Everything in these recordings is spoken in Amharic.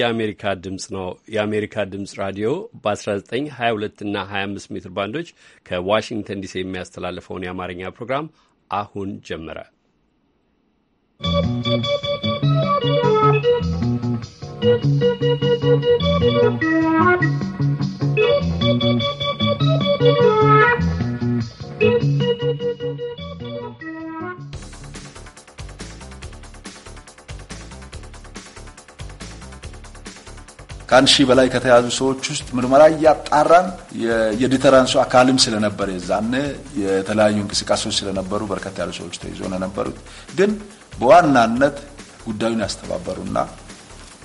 የአሜሪካ ድምፅ ነው። የአሜሪካ ድምፅ ራዲዮ በ1922 እና 25 ሜትር ባንዶች ከዋሽንግተን ዲሲ የሚያስተላልፈውን የአማርኛ ፕሮግራም አሁን ጀመረ። ¶¶ ከአንድ ሺህ በላይ ከተያዙ ሰዎች ውስጥ ምርመራ እያጣራን የዲተራንሱ አካልም ስለነበረ የዛነ የተለያዩ እንቅስቃሴዎች ስለነበሩ በርከት ያሉ ሰዎች ተይዞ ነው የነበሩት። ግን በዋናነት ጉዳዩን ያስተባበሩና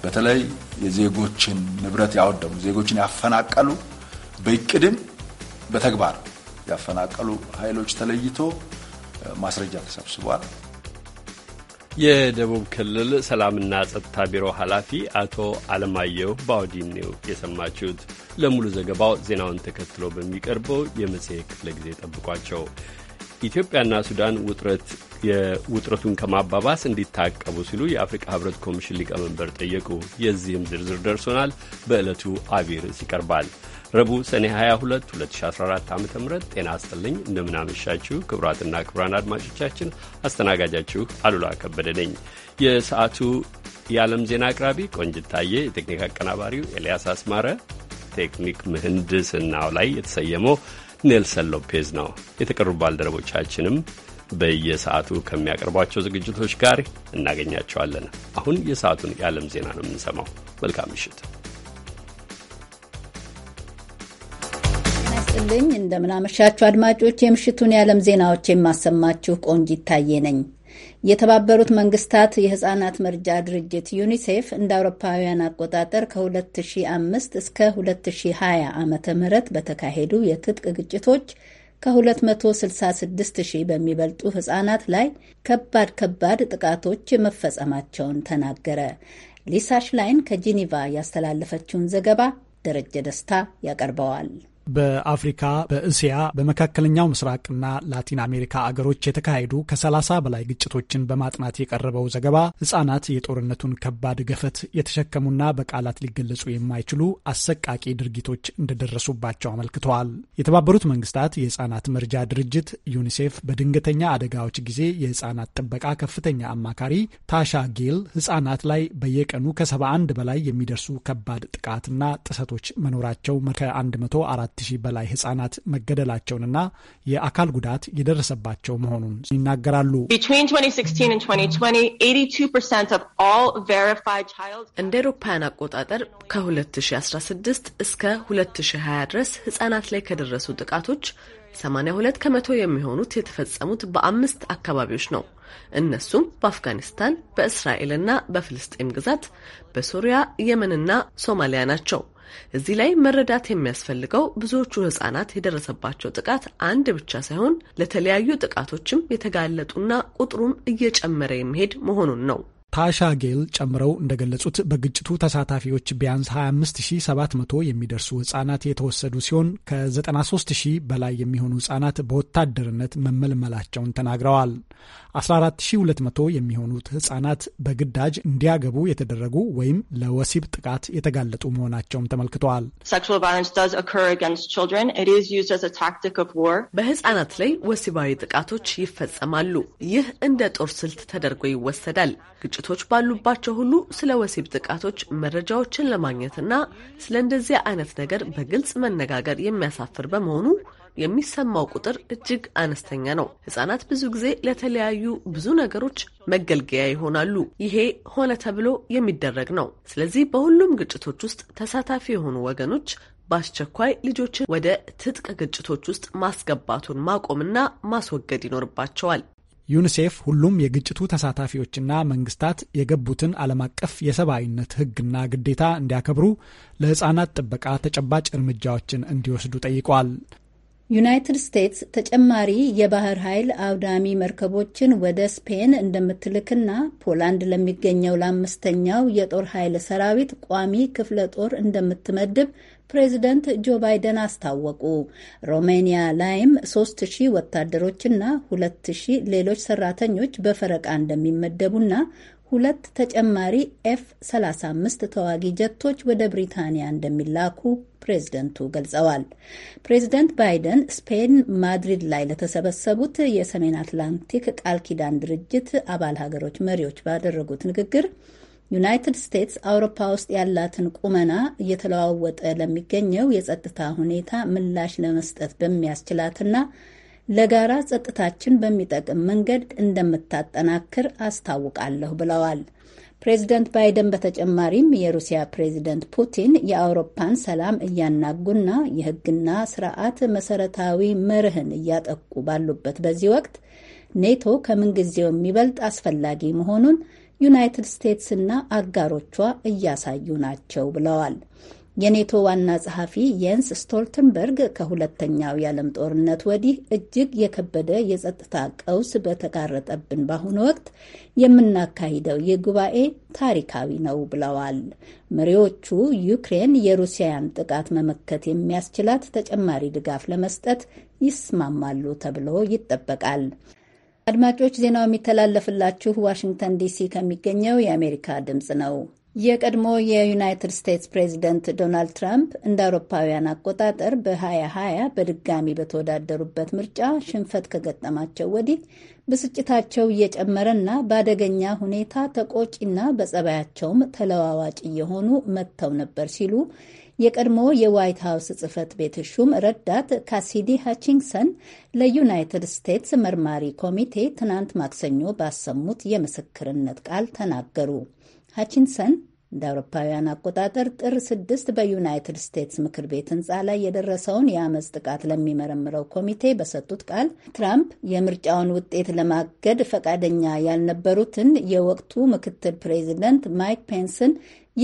በተለይ የዜጎችን ንብረት ያወደሙ፣ ዜጎችን ያፈናቀሉ፣ በእቅድም በተግባር ያፈናቀሉ ኃይሎች ተለይቶ ማስረጃ ተሰብስቧል። የደቡብ ክልል ሰላምና ጸጥታ ቢሮ ኃላፊ አቶ አለማየሁ ባውዲን ነው የሰማችሁት። ለሙሉ ዘገባው ዜናውን ተከትሎ በሚቀርበው የመጽሔት ክፍለ ጊዜ ጠብቋቸው። ኢትዮጵያና ሱዳን ውጥረት የውጥረቱን ከማባባስ እንዲታቀቡ ሲሉ የአፍሪካ ህብረት ኮሚሽን ሊቀመንበር ጠየቁ። የዚህም ዝርዝር ደርሶናል። በዕለቱ አቢይ ርዕስ ይቀርባል። ረቡዕ ሰኔ 22 2014 ዓ ም ጤና ይስጥልኝ። እንደምናመሻችሁ ክቡራትና ክቡራን አድማጮቻችን አስተናጋጃችሁ አሉላ ከበደ ነኝ። የሰዓቱ የዓለም ዜና አቅራቢ ቆንጅታዬ፣ የቴክኒክ አቀናባሪው ኤልያስ አስማረ፣ ቴክኒክ ምህንድስናው ላይ የተሰየመው ኔልሰን ሎፔዝ ነው። የተቀሩ ባልደረቦቻችንም በየሰዓቱ ከሚያቀርቧቸው ዝግጅቶች ጋር እናገኛቸዋለን። አሁን የሰዓቱን የዓለም ዜና ነው የምንሰማው። መልካም ምሽት። ይስጥልኝ። እንደምናመሻችሁ አድማጮች፣ የምሽቱን የዓለም ዜናዎች የማሰማችሁ ቆንጅ ይታየ ነኝ። የተባበሩት መንግስታት የህጻናት መርጃ ድርጅት ዩኒሴፍ እንደ አውሮፓውያን አቆጣጠር ከ2005 እስከ 2020 ዓ ም በተካሄዱ የትጥቅ ግጭቶች ከ266 ሺህ በሚበልጡ ህጻናት ላይ ከባድ ከባድ ጥቃቶች መፈጸማቸውን ተናገረ። ሊሳ ሽላይን ከጂኒቫ ያስተላለፈችውን ዘገባ ደረጀ ደስታ ያቀርበዋል። በአፍሪካ፣ በእስያ፣ በመካከለኛው ምስራቅና ላቲን አሜሪካ አገሮች የተካሄዱ ከ30 በላይ ግጭቶችን በማጥናት የቀረበው ዘገባ ህጻናት የጦርነቱን ከባድ ገፈት የተሸከሙና በቃላት ሊገለጹ የማይችሉ አሰቃቂ ድርጊቶች እንደደረሱባቸው አመልክተዋል። የተባበሩት መንግስታት የህጻናት መርጃ ድርጅት ዩኒሴፍ በድንገተኛ አደጋዎች ጊዜ የህጻናት ጥበቃ ከፍተኛ አማካሪ ታሻ ጌል ህጻናት ላይ በየቀኑ ከ71 በላይ የሚደርሱ ከባድ ጥቃትና ጥሰቶች መኖራቸው ከ104 ከ ሺህ በላይ ህጻናት መገደላቸውንና የአካል ጉዳት የደረሰባቸው መሆኑን ይናገራሉ። እንደ ኤሮፓውያን አቆጣጠር ከ2016 እስከ 2020 ድረስ ህጻናት ላይ ከደረሱ ጥቃቶች 82 ከመቶ የሚሆኑት የተፈጸሙት በአምስት አካባቢዎች ነው። እነሱም በአፍጋኒስታን፣ በእስራኤልና በፍልስጤም ግዛት፣ በሶሪያ፣ የመንና ሶማሊያ ናቸው። እዚህ ላይ መረዳት የሚያስፈልገው ብዙዎቹ ህጻናት የደረሰባቸው ጥቃት አንድ ብቻ ሳይሆን ለተለያዩ ጥቃቶችም የተጋለጡና ቁጥሩም እየጨመረ የሚሄድ መሆኑን ነው። ታሻ ጌል ጨምረው እንደገለጹት በግጭቱ ተሳታፊዎች ቢያንስ 25700 የሚደርሱ ህጻናት የተወሰዱ ሲሆን ከ93000 በላይ የሚሆኑ ህጻናት በወታደርነት መመልመላቸውን ተናግረዋል። 14200 የሚሆኑት ህጻናት በግዳጅ እንዲያገቡ የተደረጉ ወይም ለወሲብ ጥቃት የተጋለጡ መሆናቸውም ተመልክተዋል። በህጻናት ላይ ወሲባዊ ጥቃቶች ይፈጸማሉ። ይህ እንደ ጦር ስልት ተደርጎ ይወሰዳል። ግጭቶች ባሉባቸው ሁሉ ስለ ወሲብ ጥቃቶች መረጃዎችን ለማግኘትና ስለ እንደዚያ አይነት ነገር በግልጽ መነጋገር የሚያሳፍር በመሆኑ የሚሰማው ቁጥር እጅግ አነስተኛ ነው። ህጻናት ብዙ ጊዜ ለተለያዩ ብዙ ነገሮች መገልገያ ይሆናሉ። ይሄ ሆነ ተብሎ የሚደረግ ነው። ስለዚህ በሁሉም ግጭቶች ውስጥ ተሳታፊ የሆኑ ወገኖች በአስቸኳይ ልጆችን ወደ ትጥቅ ግጭቶች ውስጥ ማስገባቱን ማቆምና ማስወገድ ይኖርባቸዋል። ዩኒሴፍ ሁሉም የግጭቱ ተሳታፊዎችና መንግስታት የገቡትን ዓለም አቀፍ የሰብአዊነት ሕግና ግዴታ እንዲያከብሩ፣ ለሕፃናት ጥበቃ ተጨባጭ እርምጃዎችን እንዲወስዱ ጠይቋል። ዩናይትድ ስቴትስ ተጨማሪ የባህር ኃይል አውዳሚ መርከቦችን ወደ ስፔን እንደምትልክና ፖላንድ ለሚገኘው ለአምስተኛው የጦር ኃይል ሰራዊት ቋሚ ክፍለ ጦር እንደምትመድብ ፕሬዚደንት ጆ ባይደን አስታወቁ። ሮሜኒያ ላይም ሶስት ሺህ ወታደሮችና ሁለት ሺህ ሌሎች ሰራተኞች በፈረቃ እንደሚመደቡና ሁለት ተጨማሪ ኤፍ 35 ተዋጊ ጀቶች ወደ ብሪታንያ እንደሚላኩ ፕሬዝደንቱ ገልጸዋል። ፕሬዝደንት ባይደን ስፔን ማድሪድ ላይ ለተሰበሰቡት የሰሜን አትላንቲክ ቃል ኪዳን ድርጅት አባል ሀገሮች መሪዎች ባደረጉት ንግግር ዩናይትድ ስቴትስ አውሮፓ ውስጥ ያላትን ቁመና እየተለዋወጠ ለሚገኘው የጸጥታ ሁኔታ ምላሽ ለመስጠት በሚያስችላትና ለጋራ ጸጥታችን በሚጠቅም መንገድ እንደምታጠናክር አስታውቃለሁ ብለዋል። ፕሬዚደንት ባይደን በተጨማሪም የሩሲያ ፕሬዚደንት ፑቲን የአውሮፓን ሰላም እያናጉና የሕግና ስርዓት መሰረታዊ መርህን እያጠቁ ባሉበት በዚህ ወቅት ኔቶ ከምንጊዜው የሚበልጥ አስፈላጊ መሆኑን ዩናይትድ ስቴትስና አጋሮቿ እያሳዩ ናቸው ብለዋል። የኔቶ ዋና ጸሐፊ የንስ ስቶልተንበርግ ከሁለተኛው የዓለም ጦርነት ወዲህ እጅግ የከበደ የጸጥታ ቀውስ በተጋረጠብን በአሁኑ ወቅት የምናካሂደው ይህ ጉባኤ ታሪካዊ ነው ብለዋል። መሪዎቹ ዩክሬን የሩሲያን ጥቃት መመከት የሚያስችላት ተጨማሪ ድጋፍ ለመስጠት ይስማማሉ ተብሎ ይጠበቃል። አድማጮች ዜናው የሚተላለፍላችሁ ዋሽንግተን ዲሲ ከሚገኘው የአሜሪካ ድምፅ ነው። የቀድሞ የዩናይትድ ስቴትስ ፕሬዚደንት ዶናልድ ትራምፕ እንደ አውሮፓውያን አቆጣጠር በ2020 በድጋሚ በተወዳደሩበት ምርጫ ሽንፈት ከገጠማቸው ወዲህ ብስጭታቸው እየጨመረና በአደገኛ ሁኔታ ተቆጪና በጸባያቸውም ተለዋዋጭ እየሆኑ መጥተው ነበር ሲሉ የቀድሞ የዋይት ሀውስ ጽህፈት ቤት ሹም ረዳት ካሲዲ ሃቺንግሰን ለዩናይትድ ስቴትስ መርማሪ ኮሚቴ ትናንት ማክሰኞ ባሰሙት የምስክርነት ቃል ተናገሩ። ሃቺንሰን እንደ አውሮፓውያን አቆጣጠር ጥር ስድስት በዩናይትድ ስቴትስ ምክር ቤት ህንፃ ላይ የደረሰውን የአመፅ ጥቃት ለሚመረምረው ኮሚቴ በሰጡት ቃል ትራምፕ የምርጫውን ውጤት ለማገድ ፈቃደኛ ያልነበሩትን የወቅቱ ምክትል ፕሬዚደንት ማይክ ፔንስን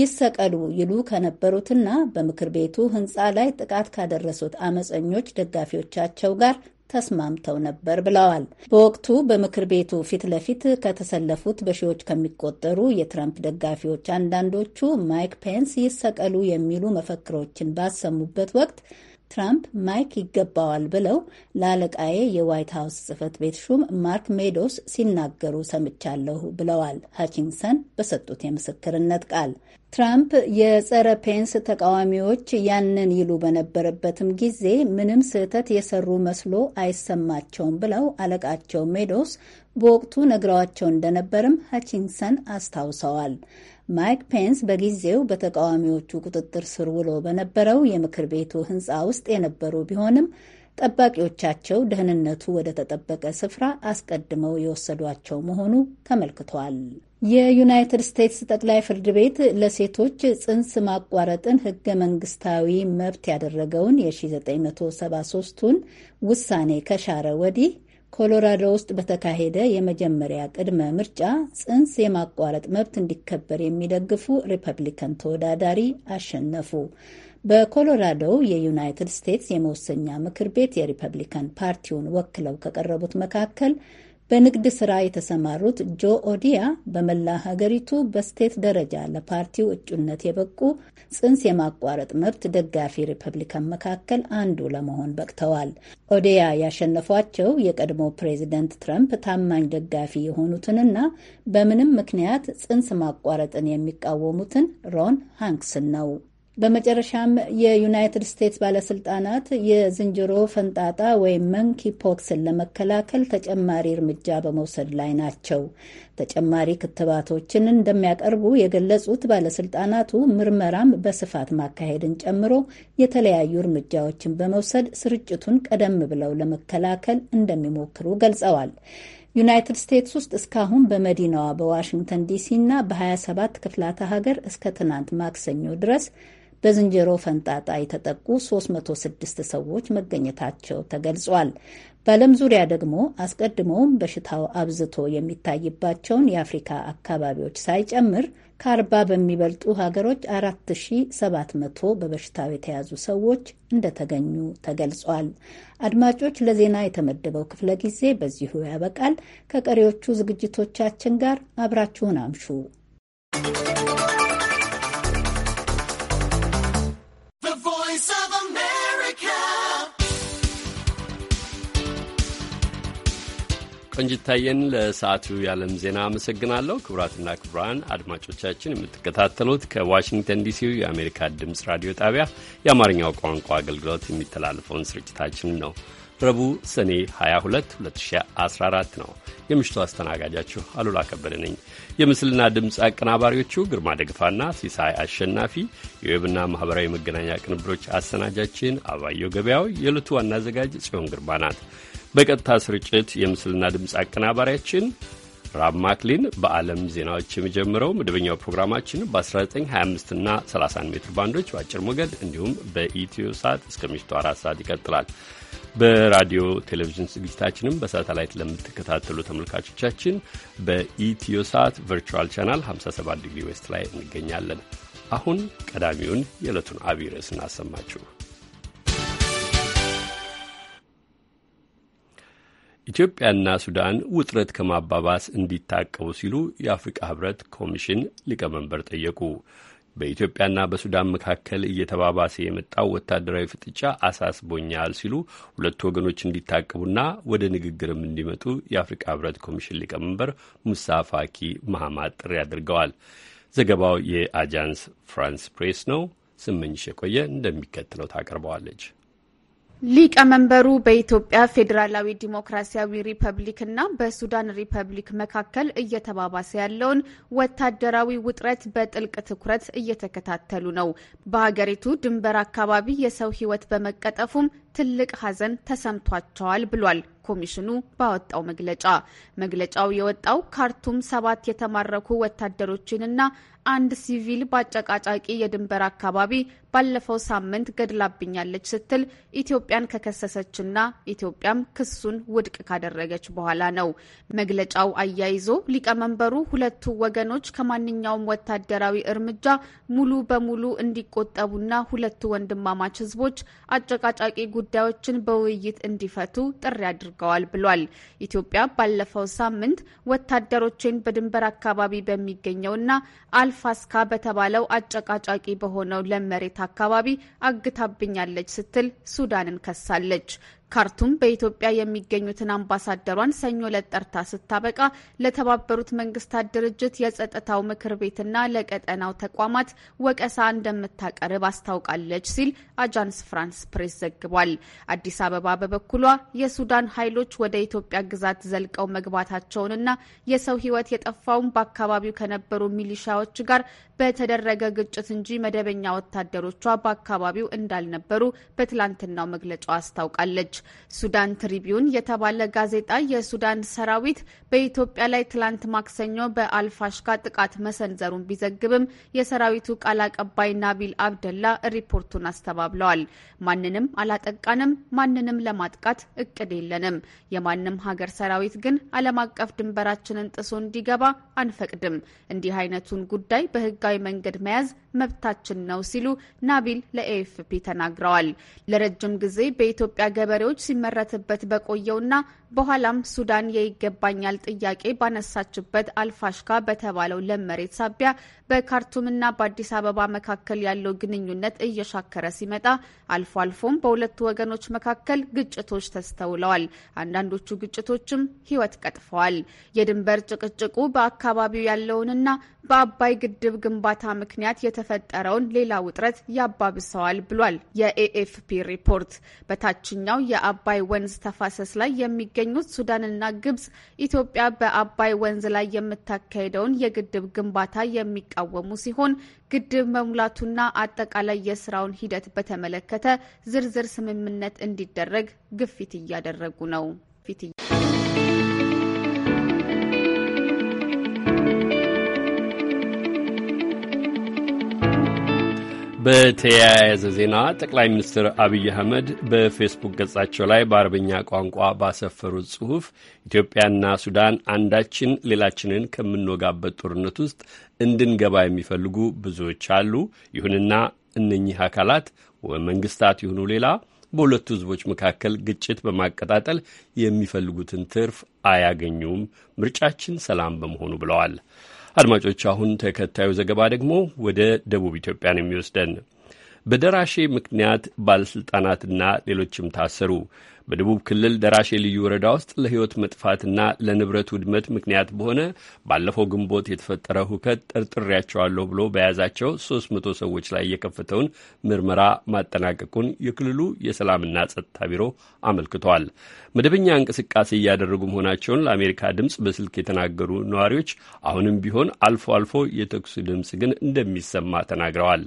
ይሰቀሉ ይሉ ከነበሩትና በምክር ቤቱ ሕንፃ ላይ ጥቃት ካደረሱት አመፀኞች ደጋፊዎቻቸው ጋር ተስማምተው ነበር ብለዋል። በወቅቱ በምክር ቤቱ ፊት ለፊት ከተሰለፉት በሺዎች ከሚቆጠሩ የትራምፕ ደጋፊዎች አንዳንዶቹ ማይክ ፔንስ ይሰቀሉ የሚሉ መፈክሮችን ባሰሙበት ወቅት ትራምፕ ማይክ ይገባዋል ብለው ለአለቃዬ የዋይት ሀውስ ጽህፈት ቤት ሹም ማርክ ሜዶስ ሲናገሩ ሰምቻለሁ ብለዋል ሀቺንሰን በሰጡት የምስክርነት ቃል። ትራምፕ የጸረ ፔንስ ተቃዋሚዎች ያንን ይሉ በነበረበትም ጊዜ ምንም ስህተት የሰሩ መስሎ አይሰማቸውም ብለው አለቃቸው ሜዶስ በወቅቱ ነግረዋቸው እንደነበርም ሀቺንሰን አስታውሰዋል። ማይክ ፔንስ በጊዜው በተቃዋሚዎቹ ቁጥጥር ስር ውሎ በነበረው የምክር ቤቱ ሕንፃ ውስጥ የነበሩ ቢሆንም ጠባቂዎቻቸው ደህንነቱ ወደ ተጠበቀ ስፍራ አስቀድመው የወሰዷቸው መሆኑ ተመልክቷል። የዩናይትድ ስቴትስ ጠቅላይ ፍርድ ቤት ለሴቶች ጽንስ ማቋረጥን ህገ መንግስታዊ መብት ያደረገውን የ1973ቱን ውሳኔ ከሻረ ወዲህ ኮሎራዶ ውስጥ በተካሄደ የመጀመሪያ ቅድመ ምርጫ ጽንስ የማቋረጥ መብት እንዲከበር የሚደግፉ ሪፐብሊካን ተወዳዳሪ አሸነፉ። በኮሎራዶው የዩናይትድ ስቴትስ የመወሰኛ ምክር ቤት የሪፐብሊካን ፓርቲውን ወክለው ከቀረቡት መካከል በንግድ ስራ የተሰማሩት ጆ ኦዲያ በመላ ሀገሪቱ በስቴት ደረጃ ለፓርቲው እጩነት የበቁ ጽንስ የማቋረጥ መብት ደጋፊ ሪፐብሊካን መካከል አንዱ ለመሆን በቅተዋል። ኦዲያ ያሸነፏቸው የቀድሞ ፕሬዚደንት ትራምፕ ታማኝ ደጋፊ የሆኑትንና በምንም ምክንያት ጽንስ ማቋረጥን የሚቃወሙትን ሮን ሃንክስን ነው። በመጨረሻም የዩናይትድ ስቴትስ ባለስልጣናት የዝንጀሮ ፈንጣጣ ወይም መንኪ ፖክስን ለመከላከል ተጨማሪ እርምጃ በመውሰድ ላይ ናቸው። ተጨማሪ ክትባቶችን እንደሚያቀርቡ የገለጹት ባለስልጣናቱ ምርመራም በስፋት ማካሄድን ጨምሮ የተለያዩ እርምጃዎችን በመውሰድ ስርጭቱን ቀደም ብለው ለመከላከል እንደሚሞክሩ ገልጸዋል። ዩናይትድ ስቴትስ ውስጥ እስካሁን በመዲናዋ በዋሽንግተን ዲሲ እና በ27 ክፍላተ ሀገር እስከ ትናንት ማክሰኞ ድረስ በዝንጀሮ ፈንጣጣ የተጠቁ 306 ሰዎች መገኘታቸው ተገልጿል። በዓለም ዙሪያ ደግሞ አስቀድሞውም በሽታው አብዝቶ የሚታይባቸውን የአፍሪካ አካባቢዎች ሳይጨምር ከአርባ በሚበልጡ ሀገሮች 4700 በበሽታው የተያዙ ሰዎች እንደተገኙ ተገልጿል። አድማጮች፣ ለዜና የተመደበው ክፍለ ጊዜ በዚሁ ያበቃል። ከቀሪዎቹ ዝግጅቶቻችን ጋር አብራችሁን አምሹ። ቆንጅታየን ለሰዓቱ የዓለም ዜና አመሰግናለሁ። ክቡራትና ክቡራን አድማጮቻችን የምትከታተሉት ከዋሽንግተን ዲሲ የአሜሪካ ድምፅ ራዲዮ ጣቢያ የአማርኛው ቋንቋ አገልግሎት የሚተላለፈውን ስርጭታችን ነው። ረቡዕ ሰኔ 22 2014 ነው። የምሽቱ አስተናጋጃችሁ አሉላ ከበደ ነኝ። የምስልና ድምፅ አቀናባሪዎቹ ግርማ ደግፋና ሲሳይ አሸናፊ፣ የዌብና ማኅበራዊ መገናኛ ቅንብሮች አሰናጃችን አባየው ገበያው፣ የዕለቱ ዋና አዘጋጅ ጽዮን ግርማ ናት። በቀጥታ ስርጭት የምስልና ድምፅ አቀናባሪያችን ራብ ማክሊን በዓለም ዜናዎች የሚጀምረው መደበኛው ፕሮግራማችን በ1925 እና 30 ሜትር ባንዶች በአጭር ሞገድ እንዲሁም በኢትዮ ሰዓት እስከ ምሽቱ አራት ሰዓት ይቀጥላል። በራዲዮ ቴሌቪዥን ዝግጅታችንም በሳተላይት ለምትከታተሉ ተመልካቾቻችን በኢትዮ ሰዓት ቨርቹዋል ቻናል 57 ዲግሪ ዌስት ላይ እንገኛለን። አሁን ቀዳሚውን የዕለቱን አብይ ርዕስ እናሰማችሁ። ኢትዮጵያና ሱዳን ውጥረት ከማባባስ እንዲታቀቡ ሲሉ የአፍሪቃ ህብረት ኮሚሽን ሊቀመንበር ጠየቁ። በኢትዮጵያና በሱዳን መካከል እየተባባሰ የመጣው ወታደራዊ ፍጥጫ አሳስቦኛል ሲሉ ሁለቱ ወገኖች እንዲታቀቡና ወደ ንግግርም እንዲመጡ የአፍሪካ ህብረት ኮሚሽን ሊቀመንበር ሙሳ ፋኪ መሐማት ጥሪ አድርገዋል። ዘገባው የአጃንስ ፍራንስ ፕሬስ ነው። ስመኝሽ የቆየ እንደሚከተለው ታቀርበዋለች። ሊቀመንበሩ በኢትዮጵያ ፌዴራላዊ ዲሞክራሲያዊ ሪፐብሊክና በሱዳን ሪፐብሊክ መካከል እየተባባሰ ያለውን ወታደራዊ ውጥረት በጥልቅ ትኩረት እየተከታተሉ ነው። በሀገሪቱ ድንበር አካባቢ የሰው ሕይወት በመቀጠፉም ትልቅ ሐዘን ተሰምቷቸዋል ብሏል ኮሚሽኑ ባወጣው መግለጫ። መግለጫው የወጣው ካርቱም ሰባት የተማረኩ ወታደሮችንና አንድ ሲቪል በአጨቃጫቂ የድንበር አካባቢ ባለፈው ሳምንት ገድላብኛለች ስትል ኢትዮጵያን ከከሰሰችና ኢትዮጵያም ክሱን ውድቅ ካደረገች በኋላ ነው። መግለጫው አያይዞ ሊቀመንበሩ ሁለቱ ወገኖች ከማንኛውም ወታደራዊ እርምጃ ሙሉ በሙሉ እንዲቆጠቡና ሁለቱ ወንድማማች ህዝቦች አጨቃጫቂ ጉዳዮችን በውይይት እንዲፈቱ ጥሪ አድርገዋል ብሏል። ኢትዮጵያ ባለፈው ሳምንት ወታደሮችን በድንበር አካባቢ በሚገኘውና አልፋስካ በተባለው አጨቃጫቂ በሆነው ለመሬት አካባቢ አግታብኛለች ስትል ሱዳንን ከሳለች። ካርቱም በኢትዮጵያ የሚገኙትን አምባሳደሯን ሰኞ ዕለት ጠርታ ስታበቃ ለተባበሩት መንግስታት ድርጅት የጸጥታው ምክር ቤትና ለቀጠናው ተቋማት ወቀሳ እንደምታቀርብ አስታውቃለች ሲል አጃንስ ፍራንስ ፕሬስ ዘግቧል። አዲስ አበባ በበኩሏ የሱዳን ኃይሎች ወደ ኢትዮጵያ ግዛት ዘልቀው መግባታቸውንና የሰው ሕይወት የጠፋውን በአካባቢው ከነበሩ ሚሊሻዎች ጋር በተደረገ ግጭት እንጂ መደበኛ ወታደሮቿ በአካባቢው እንዳልነበሩ በትላንትናው መግለጫው አስታውቃለች። ሱዳን ትሪቢዩን የተባለ ጋዜጣ የሱዳን ሰራዊት በኢትዮጵያ ላይ ትላንት ማክሰኞ በአልፋሽካ ጥቃት መሰንዘሩን ቢዘግብም የሰራዊቱ ቃል አቀባይ ናቢል አብደላ ሪፖርቱን አስተባብለዋል። ማንንም አላጠቃንም፣ ማንንም ለማጥቃት እቅድ የለንም። የማንም ሀገር ሰራዊት ግን ዓለም አቀፍ ድንበራችንን ጥሶ እንዲገባ አንፈቅድም። እንዲህ አይነቱን ጉዳይ በህጋዊ መንገድ መያዝ መብታችን ነው ሲሉ ናቢል ለኤኤፍፒ ተናግረዋል። ለረጅም ጊዜ በኢትዮጵያ ገበሬዎች ሲመረትበት በቆየውና በኋላም ሱዳን የይገባኛል ጥያቄ ባነሳችበት አልፋሽካ በተባለው ለም መሬት ሳቢያ በካርቱምና በአዲስ አበባ መካከል ያለው ግንኙነት እየሻከረ ሲመጣ አልፎ አልፎም በሁለቱ ወገኖች መካከል ግጭቶች ተስተውለዋል። አንዳንዶቹ ግጭቶችም ሕይወት ቀጥፈዋል። የድንበር ጭቅጭቁ በአካባቢው ያለውንና በአባይ ግድብ ግንባታ ምክንያት የተ የተፈጠረውን ሌላ ውጥረት ያባብሰዋል ብሏል የኤኤፍፒ ሪፖርት። በታችኛው የአባይ ወንዝ ተፋሰስ ላይ የሚገኙት ሱዳንና ግብጽ ኢትዮጵያ በአባይ ወንዝ ላይ የምታካሄደውን የግድብ ግንባታ የሚቃወሙ ሲሆን ግድብ መሙላቱና አጠቃላይ የስራውን ሂደት በተመለከተ ዝርዝር ስምምነት እንዲደረግ ግፊት እያደረጉ ነው ፊት በተያያዘ ዜና ጠቅላይ ሚኒስትር አብይ አህመድ በፌስቡክ ገጻቸው ላይ በአረብኛ ቋንቋ ባሰፈሩት ጽሑፍ ኢትዮጵያና ሱዳን አንዳችን ሌላችንን ከምንወጋበት ጦርነት ውስጥ እንድንገባ የሚፈልጉ ብዙዎች አሉ። ይሁንና እነኚህ አካላት መንግስታት ይሁኑ ሌላ በሁለቱ ህዝቦች መካከል ግጭት በማቀጣጠል የሚፈልጉትን ትርፍ አያገኙም። ምርጫችን ሰላም በመሆኑ ብለዋል። አድማጮች፣ አሁን ተከታዩ ዘገባ ደግሞ ወደ ደቡብ ኢትዮጵያ ነው የሚወስደን። በደራሼ ምክንያት ባለሥልጣናትና ሌሎችም ታሰሩ። በደቡብ ክልል ደራሼ ልዩ ወረዳ ውስጥ ለሕይወት መጥፋትና ለንብረት ውድመት ምክንያት በሆነ ባለፈው ግንቦት የተፈጠረ ሁከት ጠርጥሬያቸዋለሁ ብሎ በያዛቸው 300 ሰዎች ላይ የከፈተውን ምርመራ ማጠናቀቁን የክልሉ የሰላምና ጸጥታ ቢሮ አመልክቷል። መደበኛ እንቅስቃሴ እያደረጉ መሆናቸውን ለአሜሪካ ድምፅ በስልክ የተናገሩ ነዋሪዎች አሁንም ቢሆን አልፎ አልፎ የተኩሱ ድምፅ ግን እንደሚሰማ ተናግረዋል።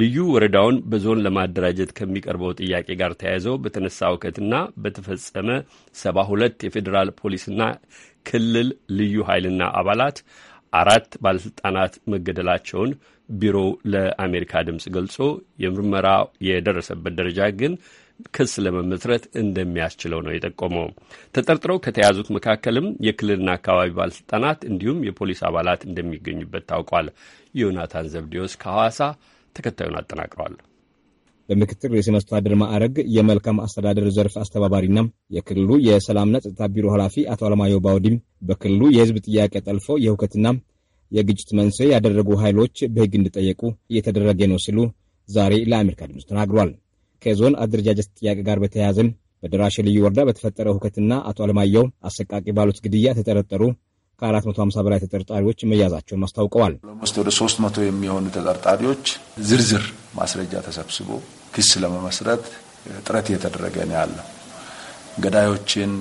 ልዩ ወረዳውን በዞን ለማደራጀት ከሚቀርበው ጥያቄ ጋር ተያይዘው በተነሳ እውከትና በተፈጸመ ሰባ ሁለት የፌዴራል ፖሊስና ክልል ልዩ ኃይልና አባላት አራት ባለስልጣናት መገደላቸውን ቢሮው ለአሜሪካ ድምፅ ገልጾ የምርመራ የደረሰበት ደረጃ ግን ክስ ለመመስረት እንደሚያስችለው ነው የጠቆመው። ተጠርጥረው ከተያዙት መካከልም የክልልና አካባቢ ባለስልጣናት እንዲሁም የፖሊስ አባላት እንደሚገኙበት ታውቋል። ዮናታን ዘብዴዎስ ከሐዋሳ ተከታዩን አጠናቅረዋል። በምክትል ርዕሰ መስተዳድር ማዕረግ የመልካም አስተዳደር ዘርፍ አስተባባሪና የክልሉ የሰላምና ጸጥታ ቢሮ ኃላፊ አቶ አለማየሁ ባውዲም በክልሉ የህዝብ ጥያቄ ጠልፎ የሁከትና የግጭት መንስኤ ያደረጉ ኃይሎች በህግ እንዲጠየቁ እየተደረገ ነው ሲሉ ዛሬ ለአሜሪካ ድምፅ ተናግሯል። ከዞን አደረጃጀት ጥያቄ ጋር በተያያዘም በደራሼ ልዩ ወረዳ በተፈጠረ ሁከትና አቶ አለማየሁ አሰቃቂ ባሉት ግድያ ተጠረጠሩ። ከ450 በላይ ተጠርጣሪዎች መያዛቸውን አስታውቀዋል። ስ ወደ 300 የሚሆኑ ተጠርጣሪዎች ዝርዝር ማስረጃ ተሰብስቦ ክስ ለመመስረት ጥረት እየተደረገ ነው ያለው። ገዳዮችን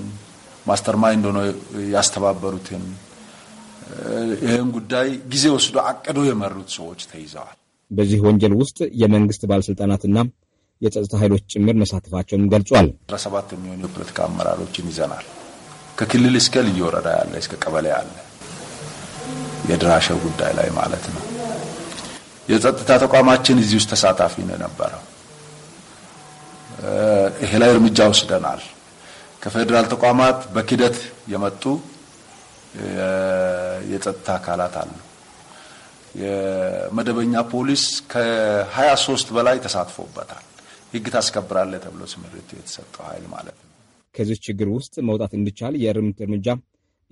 ማስተርማይንድ ሆኖ ያስተባበሩትን ይህን ጉዳይ ጊዜ ወስዶ አቅዶ የመሩት ሰዎች ተይዘዋል። በዚህ ወንጀል ውስጥ የመንግስት ባለስልጣናትና የጸጥታ ኃይሎች ጭምር መሳተፋቸውን ገልጿል። 17 የሚሆኑ የፖለቲካ አመራሮችን ይዘናል። ከክልል እስከ ልዩ ወረዳ ያለ እስከ ቀበሌ ያለ የድራሸው ጉዳይ ላይ ማለት ነው። የጸጥታ ተቋማችን እዚህ ውስጥ ተሳታፊ ነው የነበረው። ይሄ ላይ እርምጃ ወስደናል። ከፌዴራል ተቋማት በክደት የመጡ የጸጥታ አካላት አሉ። የመደበኛ ፖሊስ ከ23 በላይ ተሳትፎበታል። ሕግ ታስከብራለህ ተብሎ ስምሪቱ የተሰጠው ኃይል ማለት ነው። ከዚህ ችግር ውስጥ መውጣት እንዲቻል የእርምት እርምጃ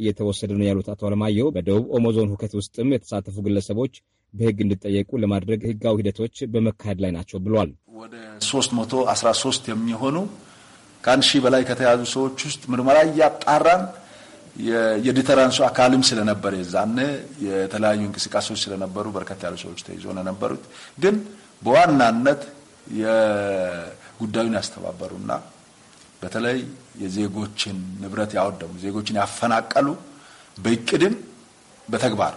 እየተወሰደ ነው ያሉት አቶ አለማየሁ በደቡብ ኦሞ ዞን ሁከት ውስጥም የተሳተፉ ግለሰቦች በህግ እንዲጠየቁ ለማድረግ ህጋዊ ሂደቶች በመካሄድ ላይ ናቸው ብሏል። ወደ 313 የሚሆኑ ከአንድ ሺህ በላይ ከተያዙ ሰዎች ውስጥ ምርመራ እያጣራን የዲተራንሱ አካልም ስለነበረ የዛነ የተለያዩ እንቅስቃሴዎች ስለነበሩ በርከት ያሉ ሰዎች ተይዞ ነው የነበሩት። ግን በዋናነት የጉዳዩን ያስተባበሩና በተለይ የዜጎችን ንብረት ያወደሙ፣ ዜጎችን ያፈናቀሉ፣ በእቅድም በተግባር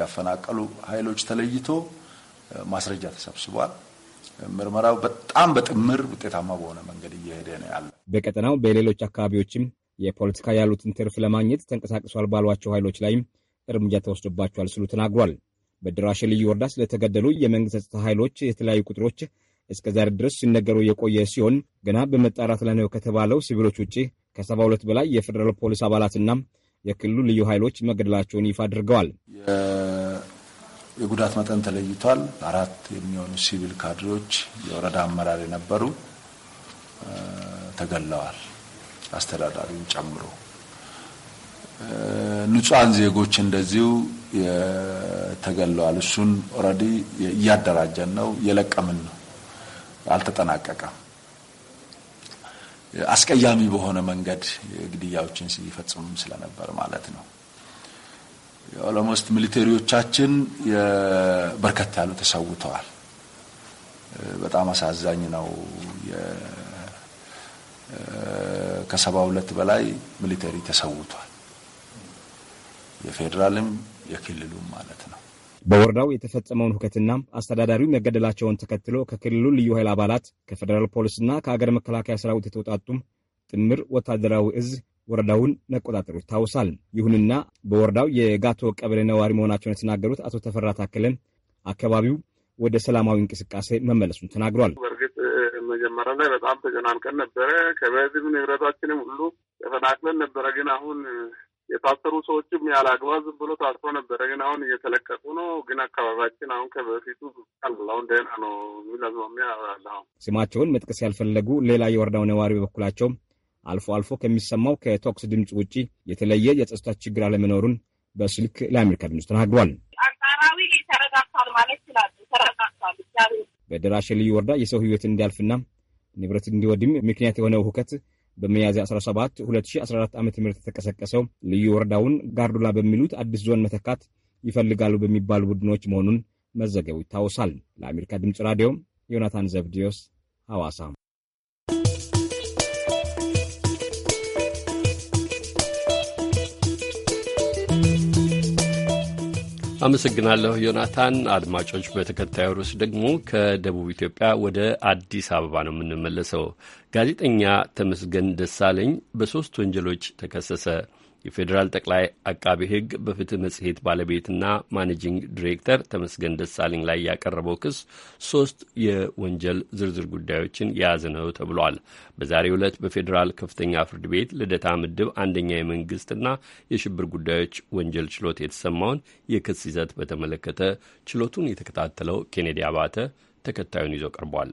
ያፈናቀሉ ኃይሎች ተለይቶ ማስረጃ ተሰብስቧል። ምርመራው በጣም በጥምር ውጤታማ በሆነ መንገድ እየሄደ ነው ያለ። በቀጠናው በሌሎች አካባቢዎችም የፖለቲካ ያሉትን ትርፍ ለማግኘት ተንቀሳቅሷል ባሏቸው ኃይሎች ላይም እርምጃ ተወስዶባቸዋል ሲሉ ተናግሯል። በድራሽ ልዩ ወረዳ ስለተገደሉ የመንግስት ጸጥታ ኃይሎች የተለያዩ ቁጥሮች እስከ ዛሬ ድረስ ሲነገሩ የቆየ ሲሆን ገና በመጣራት ላይ ነው ከተባለው ሲቪሎች ውጭ ከሰባ ሁለት በላይ የፌዴራል ፖሊስ አባላትና የክልሉ ልዩ ኃይሎች መገደላቸውን ይፋ አድርገዋል። የጉዳት መጠን ተለይቷል። አራት የሚሆኑ ሲቪል ካድሬዎች የወረዳ አመራር የነበሩ ተገለዋል፣ አስተዳዳሪውን ጨምሮ። ንጹሐን ዜጎች እንደዚሁ ተገለዋል። እሱን ኦልሬዲ እያደራጀን ነው፣ የለቀምን ነው። አልተጠናቀቀም። አስቀያሚ በሆነ መንገድ ግድያዎችን ሲፈጽሙም ስለነበር ማለት ነው። ኦሎሞስት ሚሊቴሪዎቻችን በርከት ያሉ ተሰውተዋል። በጣም አሳዛኝ ነው። ከሰባ ሁለት በላይ ሚሊተሪ ተሰውቷል። የፌዴራልም የክልሉም ማለት ነው። በወረዳው የተፈጸመውን ሁከትና አስተዳዳሪው መገደላቸውን ተከትሎ ከክልሉ ልዩ ኃይል አባላት ከፌዴራል ፖሊስና ከአገር መከላከያ ሰራዊት የተውጣጡም ጥምር ወታደራዊ እዝ ወረዳውን መቆጣጠሩ ይታወሳል። ይሁንና በወረዳው የጋቶ ቀበሌ ነዋሪ መሆናቸውን የተናገሩት አቶ ተፈራ ታክለን አካባቢው ወደ ሰላማዊ እንቅስቃሴ መመለሱን ተናግሯል። መጀመሪያ ላይ በጣም ተጨናንቀን ነበረ። ከበዝም ንብረታችንም ሁሉ ተፈናቅለን ነበረ። ግን አሁን የታሰሩ ሰዎችም ያለ አግባብ ዝም ብሎ ታስሮ ነበረ፣ ግን አሁን እየተለቀቁ ነው። ግን አካባቢያችን አሁን ከበፊቱ አሁን ደህና ነው የሚል አዝማሚያ ስማቸውን መጥቀስ ያልፈለጉ ሌላ የወረዳው ነዋሪ በበኩላቸው አልፎ አልፎ ከሚሰማው ከቶክስ ድምፅ ውጭ የተለየ የጸጥታ ችግር አለመኖሩን በስልክ ለአሜሪካ ድምፅ ተናግሯል። አንጻራዊ ተረጋግቷል ማለት ይችላል። ተረጋግቷል። በደራሼ ልዩ ወረዳ የሰው ህይወት እንዲያልፍና ንብረት እንዲወድም ምክንያት የሆነው ሁከት በሚያዝያ 17 2014 ዓ ም የተቀሰቀሰው ልዩ ወረዳውን ጋርዱላ በሚሉት አዲስ ዞን መተካት ይፈልጋሉ በሚባሉ ቡድኖች መሆኑን መዘገቡ ይታወሳል። ለአሜሪካ ድምፅ ራዲዮ ዮናታን ዘብዲዮስ ሐዋሳ። አመሰግናለሁ ዮናታን። አድማጮች፣ በተከታዩ ርዕስ ደግሞ ከደቡብ ኢትዮጵያ ወደ አዲስ አበባ ነው የምንመለሰው። ጋዜጠኛ ተመስገን ደሳለኝ በሦስት ወንጀሎች ተከሰሰ። የፌዴራል ጠቅላይ አቃቢ ሕግ በፍትህ መጽሔት ባለቤትና ማኔጂንግ ዲሬክተር ተመስገን ደሳለኝ ላይ ያቀረበው ክስ ሶስት የወንጀል ዝርዝር ጉዳዮችን የያዘ ነው ተብሏል። በዛሬው ዕለት በፌዴራል ከፍተኛ ፍርድ ቤት ልደታ ምድብ አንደኛ የመንግስትና የሽብር ጉዳዮች ወንጀል ችሎት የተሰማውን የክስ ይዘት በተመለከተ ችሎቱን የተከታተለው ኬኔዲ አባተ ተከታዩን ይዞ ቀርቧል።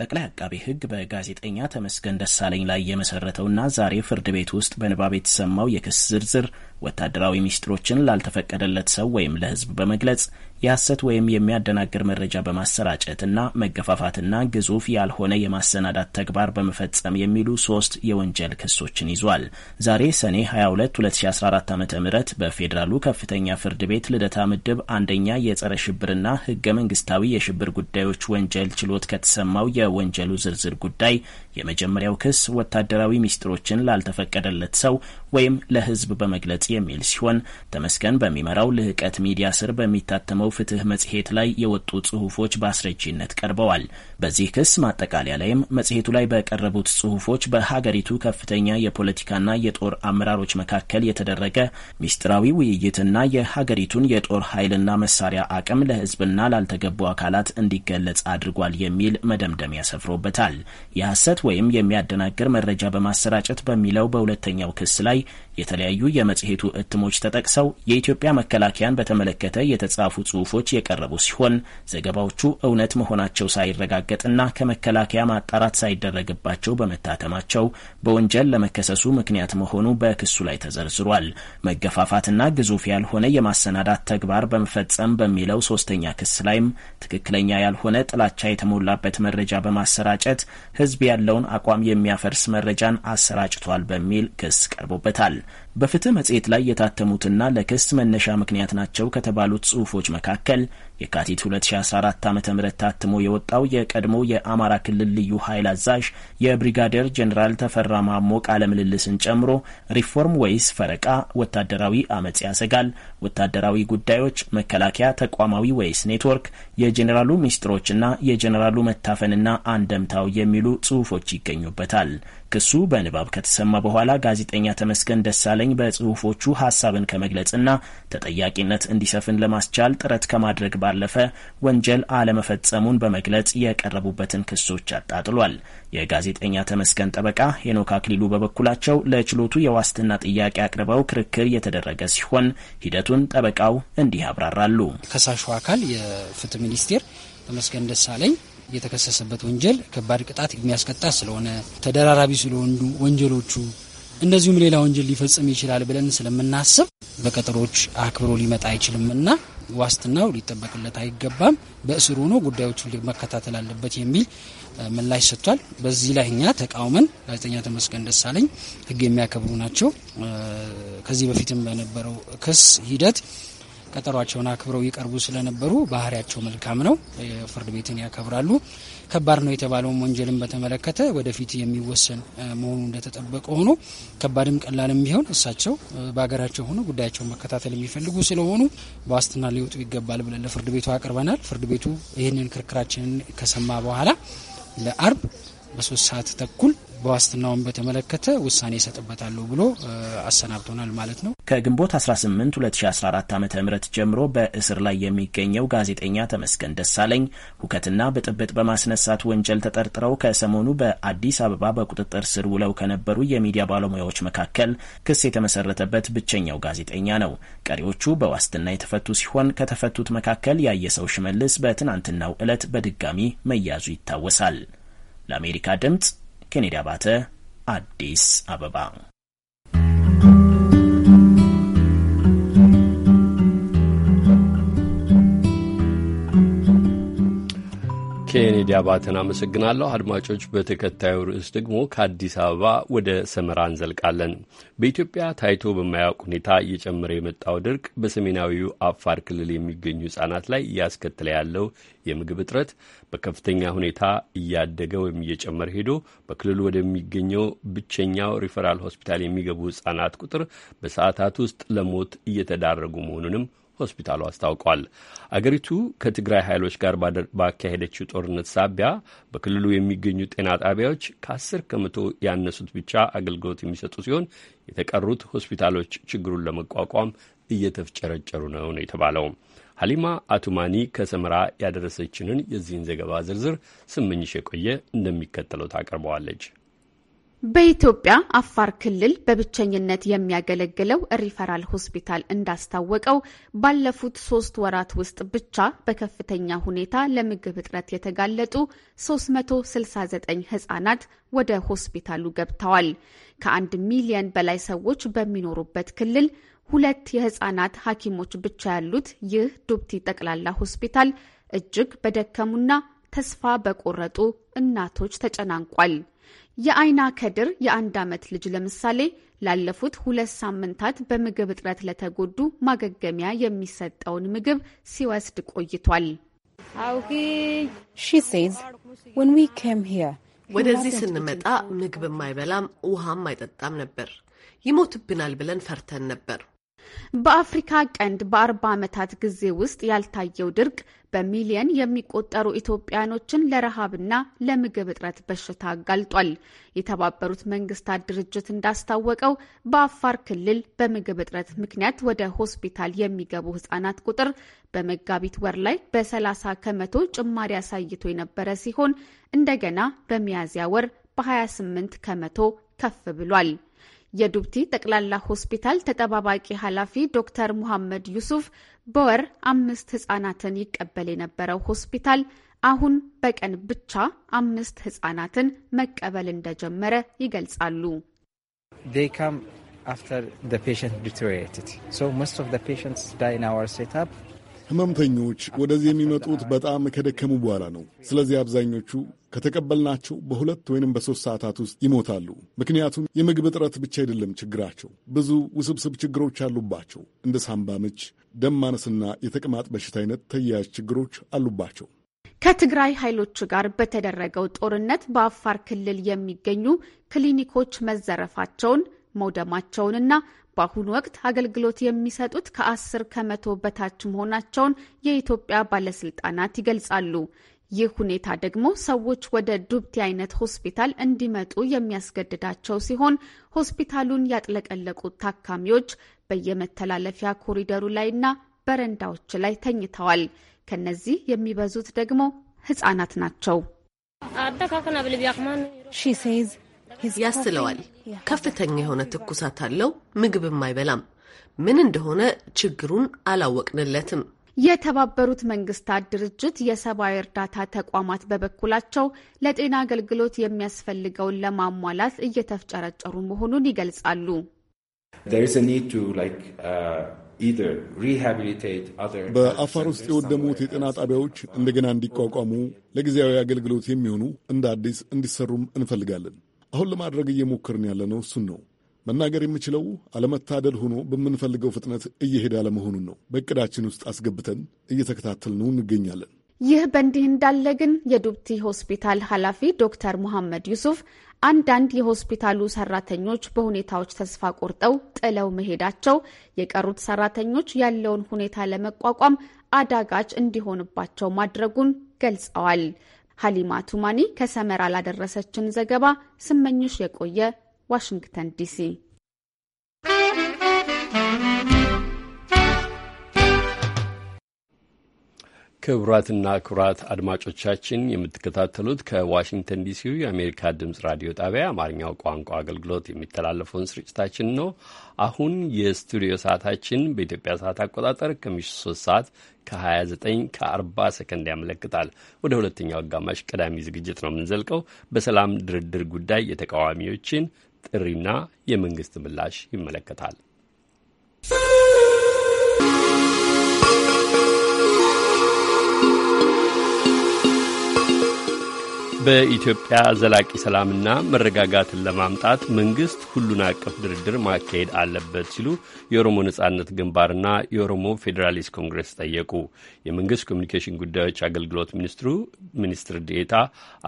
ጠቅላይ አቃቤ ሕግ በጋዜጠኛ ተመስገን ደሳለኝ ላይ የመሰረተውና ዛሬ ፍርድ ቤት ውስጥ በንባብ የተሰማው የክስ ዝርዝር ወታደራዊ ሚስጥሮችን ላልተፈቀደለት ሰው ወይም ለሕዝብ በመግለጽ የሐሰት ወይም የሚያደናግር መረጃ በማሰራጨትና መገፋፋትና ግዙፍ ያልሆነ የማሰናዳት ተግባር በመፈጸም የሚሉ ሶስት የወንጀል ክሶችን ይዟል። ዛሬ ሰኔ 22 2014 ዓ ም በፌዴራሉ ከፍተኛ ፍርድ ቤት ልደታ ምድብ አንደኛ የጸረ ሽብርና ህገ መንግስታዊ የሽብር ጉዳዮች ወንጀል ችሎት ከተሰማው የወንጀሉ ዝርዝር ጉዳይ የመጀመሪያው ክስ ወታደራዊ ሚስጥሮችን ላልተፈቀደለት ሰው ወይም ለሕዝብ በመግለጽ የሚል ሲሆን ተመስገን በሚመራው ልህቀት ሚዲያ ስር በሚታተመው ፍትህ መጽሔት ላይ የወጡ ጽሁፎች በአስረጂነት ቀርበዋል። በዚህ ክስ ማጠቃለያ ላይም መጽሔቱ ላይ በቀረቡት ጽሁፎች በሀገሪቱ ከፍተኛ የፖለቲካና የጦር አመራሮች መካከል የተደረገ ሚስጥራዊ ውይይትና የሀገሪቱን የጦር ኃይልና መሳሪያ አቅም ለሕዝብና ላልተገቡ አካላት እንዲገለጽ አድርጓል የሚል መደምደሚያ ሰፍሮበታል። የሐሰት ወይም የሚያደናግር መረጃ በማሰራጨት በሚለው በሁለተኛው ክስ ላይ የተለያዩ የመጽሔቱ እትሞች ተጠቅሰው የኢትዮጵያ መከላከያን በተመለከተ የተጻፉ ጽሁፎች የቀረቡ ሲሆን ዘገባዎቹ እውነት መሆናቸው ሳይረጋገጥና ከመከላከያ ማጣራት ሳይደረግባቸው በመታተማቸው በወንጀል ለመከሰሱ ምክንያት መሆኑ በክሱ ላይ ተዘርዝሯል። መገፋፋትና ግዙፍ ያልሆነ የማሰናዳት ተግባር በመፈጸም በሚለው ሶስተኛ ክስ ላይም ትክክለኛ ያልሆነ ጥላቻ የተሞላበት መረጃ በማሰራጨት ህዝብ ያለው ያለውን አቋም የሚያፈርስ መረጃን አሰራጭቷል በሚል ክስ ቀርቦበታል። በፍትህ መጽሔት ላይ የታተሙትና ለክስ መነሻ ምክንያት ናቸው ከተባሉት ጽሁፎች መካከል የካቲት 2014 ዓ ም ታትሞ የወጣው የቀድሞ የአማራ ክልል ልዩ ኃይል አዛዥ የብሪጋዴር ጀኔራል ተፈራ ማሞ ቃለ ምልልስን ጨምሮ ሪፎርም ወይስ ፈረቃ፣ ወታደራዊ አመጽ ያሰጋል፣ ወታደራዊ ጉዳዮች፣ መከላከያ ተቋማዊ ወይስ ኔትወርክ፣ የጀኔራሉ ሚስጥሮችና የጀኔራሉ መታፈንና አንደምታው የሚሉ ጽሁፎች ይገኙበታል። ክሱ በንባብ ከተሰማ በኋላ ጋዜጠኛ ተመስገን ደሳለኝ በጽሁፎቹ ሀሳብን ከመግለጽና ተጠያቂነት እንዲሰፍን ለማስቻል ጥረት ከማድረግ ባለፈ ወንጀል አለመፈጸሙን በመግለጽ የቀረቡበትን ክሶች አጣጥሏል። የጋዜጠኛ ተመስገን ጠበቃ ሄኖክ አክሊሉ በበኩላቸው ለችሎቱ የዋስትና ጥያቄ አቅርበው ክርክር የተደረገ ሲሆን ሂደቱን ጠበቃው እንዲህ ያብራራሉ። ከሳሹ አካል የፍትህ ሚኒስቴር ተመስገን ደሳለኝ የተከሰሰበት ወንጀል ከባድ ቅጣት የሚያስቀጣ ስለሆነ ተደራራቢ ስለወንዱ ወንጀሎቹ እንደዚሁም ሌላ ወንጀል ሊፈጽም ይችላል ብለን ስለምናስብ በቀጠሮች አክብሮ ሊመጣ እና ዋስትናው ሊጠበቅለት አይገባም፣ በእስር ሆኖ ጉዳዮቹን መከታተል አለበት የሚል ምላሽ ሰጥቷል። በዚህ ላይ እኛ ተቃውመን ጋዜጠኛ ተመስገን ደሳለኝ ህግ የሚያከብሩ ናቸው ከዚህ በፊትም በነበረው ክስ ሂደት ቀጠሯቸውን አክብረው ይቀርቡ ስለነበሩ ባህሪያቸው መልካም ነው፣ ፍርድ ቤትን ያከብራሉ። ከባድ ነው የተባለውን ወንጀልን በተመለከተ ወደፊት የሚወሰን መሆኑ እንደተጠበቀ ሆኖ ከባድም ቀላልም ቢሆን እሳቸው በሀገራቸው ሆኖ ጉዳያቸውን መከታተል የሚፈልጉ ስለሆኑ በዋስትና ሊወጡ ይገባል ብለን ለፍርድ ቤቱ አቅርበናል። ፍርድ ቤቱ ይህንን ክርክራችንን ከሰማ በኋላ ለአርብ በሶስት ሰዓት ተኩል በዋስትናውን በተመለከተ ውሳኔ ይሰጥበታሉ ብሎ አሰናብቶናል ማለት ነው። ከግንቦት 18 2014 ዓ ም ጀምሮ በእስር ላይ የሚገኘው ጋዜጠኛ ተመስገን ደሳለኝ ሁከትና ብጥብጥ በማስነሳት ወንጀል ተጠርጥረው ከሰሞኑ በአዲስ አበባ በቁጥጥር ስር ውለው ከነበሩ የሚዲያ ባለሙያዎች መካከል ክስ የተመሰረተበት ብቸኛው ጋዜጠኛ ነው። ቀሪዎቹ በዋስትና የተፈቱ ሲሆን ከተፈቱት መካከል ያየሰው ሽመልስ በትናንትናው ዕለት በድጋሚ መያዙ ይታወሳል። ለአሜሪካ ድምፅ ኬኔዲ አባተ አዲስ አበባ ኬኔዲ አባትን አመሰግናለሁ። አድማጮች፣ በተከታዩ ርዕስ ደግሞ ከአዲስ አበባ ወደ ሰመራ እንዘልቃለን። በኢትዮጵያ ታይቶ በማያውቅ ሁኔታ እየጨመረ የመጣው ድርቅ በሰሜናዊው አፋር ክልል የሚገኙ ሕጻናት ላይ እያስከተለ ያለው የምግብ እጥረት በከፍተኛ ሁኔታ እያደገ ወይም እየጨመረ ሄዶ በክልሉ ወደሚገኘው ብቸኛው ሪፈራል ሆስፒታል የሚገቡ ሕጻናት ቁጥር በሰዓታት ውስጥ ለሞት እየተዳረጉ መሆኑንም ሆስፒታሉ አስታውቋል። አገሪቱ ከትግራይ ኃይሎች ጋር ባካሄደችው ጦርነት ሳቢያ በክልሉ የሚገኙ ጤና ጣቢያዎች ከአስር ከመቶ ያነሱት ብቻ አገልግሎት የሚሰጡ ሲሆን የተቀሩት ሆስፒታሎች ችግሩን ለመቋቋም እየተፍጨረጨሩ ነው ነው የተባለው። ሀሊማ አቱማኒ ከሰመራ ያደረሰችንን የዚህን ዘገባ ዝርዝር ስመኝሽ የቆየ እንደሚከተለው ታቀርበዋለች። በኢትዮጵያ አፋር ክልል በብቸኝነት የሚያገለግለው ሪፈራል ሆስፒታል እንዳስታወቀው ባለፉት ሶስት ወራት ውስጥ ብቻ በከፍተኛ ሁኔታ ለምግብ እጥረት የተጋለጡ 369 ህጻናት ወደ ሆስፒታሉ ገብተዋል። ከአንድ ሚሊየን በላይ ሰዎች በሚኖሩበት ክልል ሁለት የህጻናት ሐኪሞች ብቻ ያሉት ይህ ዱብቲ ጠቅላላ ሆስፒታል እጅግ በደከሙና ተስፋ በቆረጡ እናቶች ተጨናንቋል። የአይና ከድር የአንድ ዓመት ልጅ ለምሳሌ ላለፉት ሁለት ሳምንታት በምግብ እጥረት ለተጎዱ ማገገሚያ የሚሰጠውን ምግብ ሲወስድ ቆይቷል። ወደዚህ ስንመጣ ምግብም አይበላም፣ ውሃም አይጠጣም ነበር። ይሞትብናል ብለን ፈርተን ነበር። በአፍሪካ ቀንድ በአርባ ዓመታት ጊዜ ውስጥ ያልታየው ድርቅ በሚሊየን የሚቆጠሩ ኢትዮጵያኖችን ለረሃብና ለምግብ እጥረት በሽታ አጋልጧል። የተባበሩት መንግስታት ድርጅት እንዳስታወቀው በአፋር ክልል በምግብ እጥረት ምክንያት ወደ ሆስፒታል የሚገቡ ህጻናት ቁጥር በመጋቢት ወር ላይ በ30 ከመቶ ጭማሪ አሳይቶ የነበረ ሲሆን እንደገና በሚያዝያ ወር በ28 ከመቶ ከፍ ብሏል። የዱብቲ ጠቅላላ ሆስፒታል ተጠባባቂ ኃላፊ ዶክተር ሙሐመድ ዩሱፍ በወር አምስት ህጻናትን ይቀበል የነበረው ሆስፒታል አሁን በቀን ብቻ አምስት ህጻናትን መቀበል እንደጀመረ ይገልጻሉ። ህመምተኞች ወደዚህ የሚመጡት በጣም ከደከሙ በኋላ ነው። ስለዚህ አብዛኞቹ ከተቀበልናቸው በሁለት ወይንም በሶስት ሰዓታት ውስጥ ይሞታሉ። ምክንያቱም የምግብ እጥረት ብቻ አይደለም ችግራቸው፣ ብዙ ውስብስብ ችግሮች አሉባቸው። እንደ ሳምባ ምች፣ ደም ማነስና የተቅማጥ በሽታ አይነት ተያያዥ ችግሮች አሉባቸው። ከትግራይ ኃይሎች ጋር በተደረገው ጦርነት በአፋር ክልል የሚገኙ ክሊኒኮች መዘረፋቸውን መውደማቸውንና በአሁኑ ወቅት አገልግሎት የሚሰጡት ከአስር ከመቶ በታች መሆናቸውን የኢትዮጵያ ባለስልጣናት ይገልጻሉ። ይህ ሁኔታ ደግሞ ሰዎች ወደ ዱብቲ አይነት ሆስፒታል እንዲመጡ የሚያስገድዳቸው ሲሆን ሆስፒታሉን ያጥለቀለቁት ታካሚዎች በየመተላለፊያ ኮሪደሩ ላይና በረንዳዎች ላይ ተኝተዋል። ከነዚህ የሚበዙት ደግሞ ህጻናት ናቸው። ያስለዋል። ከፍተኛ የሆነ ትኩሳት አለው። ምግብም አይበላም። ምን እንደሆነ ችግሩን አላወቅንለትም። የተባበሩት መንግስታት ድርጅት የሰብአዊ እርዳታ ተቋማት በበኩላቸው ለጤና አገልግሎት የሚያስፈልገውን ለማሟላት እየተፍጨረጨሩ መሆኑን ይገልጻሉ። uh, በአፋር ውስጥ የወደሙት የጤና ጣቢያዎች እንደገና እንዲቋቋሙ፣ ለጊዜያዊ አገልግሎት የሚሆኑ እንደ አዲስ እንዲሰሩም እንፈልጋለን። አሁን ለማድረግ እየሞከርን ያለነው እሱን ነው። መናገር የምችለው አለመታደል ሆኖ በምንፈልገው ፍጥነት እየሄደ አለመሆኑን ነው። በእቅዳችን ውስጥ አስገብተን እየተከታተልነው እንገኛለን። ይህ በእንዲህ እንዳለ ግን የዱብቲ ሆስፒታል ኃላፊ ዶክተር ሙሐመድ ዩሱፍ አንዳንድ የሆስፒታሉ ሰራተኞች በሁኔታዎች ተስፋ ቆርጠው ጥለው መሄዳቸው የቀሩት ሰራተኞች ያለውን ሁኔታ ለመቋቋም አዳጋች እንዲሆንባቸው ማድረጉን ገልጸዋል። ሀሊማ ቱማኒ ከሰመራ ላደረሰችን ዘገባ ስመኝሽ የቆየ ዋሽንግተን ዲሲ ክቡራትና ክቡራት አድማጮቻችን የምትከታተሉት ከዋሽንግተን ዲሲው የአሜሪካ ድምፅ ራዲዮ ጣቢያ አማርኛው ቋንቋ አገልግሎት የሚተላለፈውን ስርጭታችን ነው። አሁን የስቱዲዮ ሰዓታችን በኢትዮጵያ ሰዓት አቆጣጠር ከምሽቱ 3 ሰዓት ከ29 ከ40 ሰከንድ ያመለክታል። ወደ ሁለተኛው አጋማሽ ቀዳሚ ዝግጅት ነው የምንዘልቀው። በሰላም ድርድር ጉዳይ የተቃዋሚዎችን ጥሪና የመንግስት ምላሽ ይመለከታል። በኢትዮጵያ ዘላቂ ሰላምና መረጋጋትን ለማምጣት መንግስት ሁሉን አቀፍ ድርድር ማካሄድ አለበት ሲሉ የኦሮሞ ነጻነት ግንባርና የኦሮሞ ፌዴራሊስት ኮንግረስ ጠየቁ። የመንግስት ኮሚኒኬሽን ጉዳዮች አገልግሎት ሚኒስትሩ ሚኒስትር ዴታ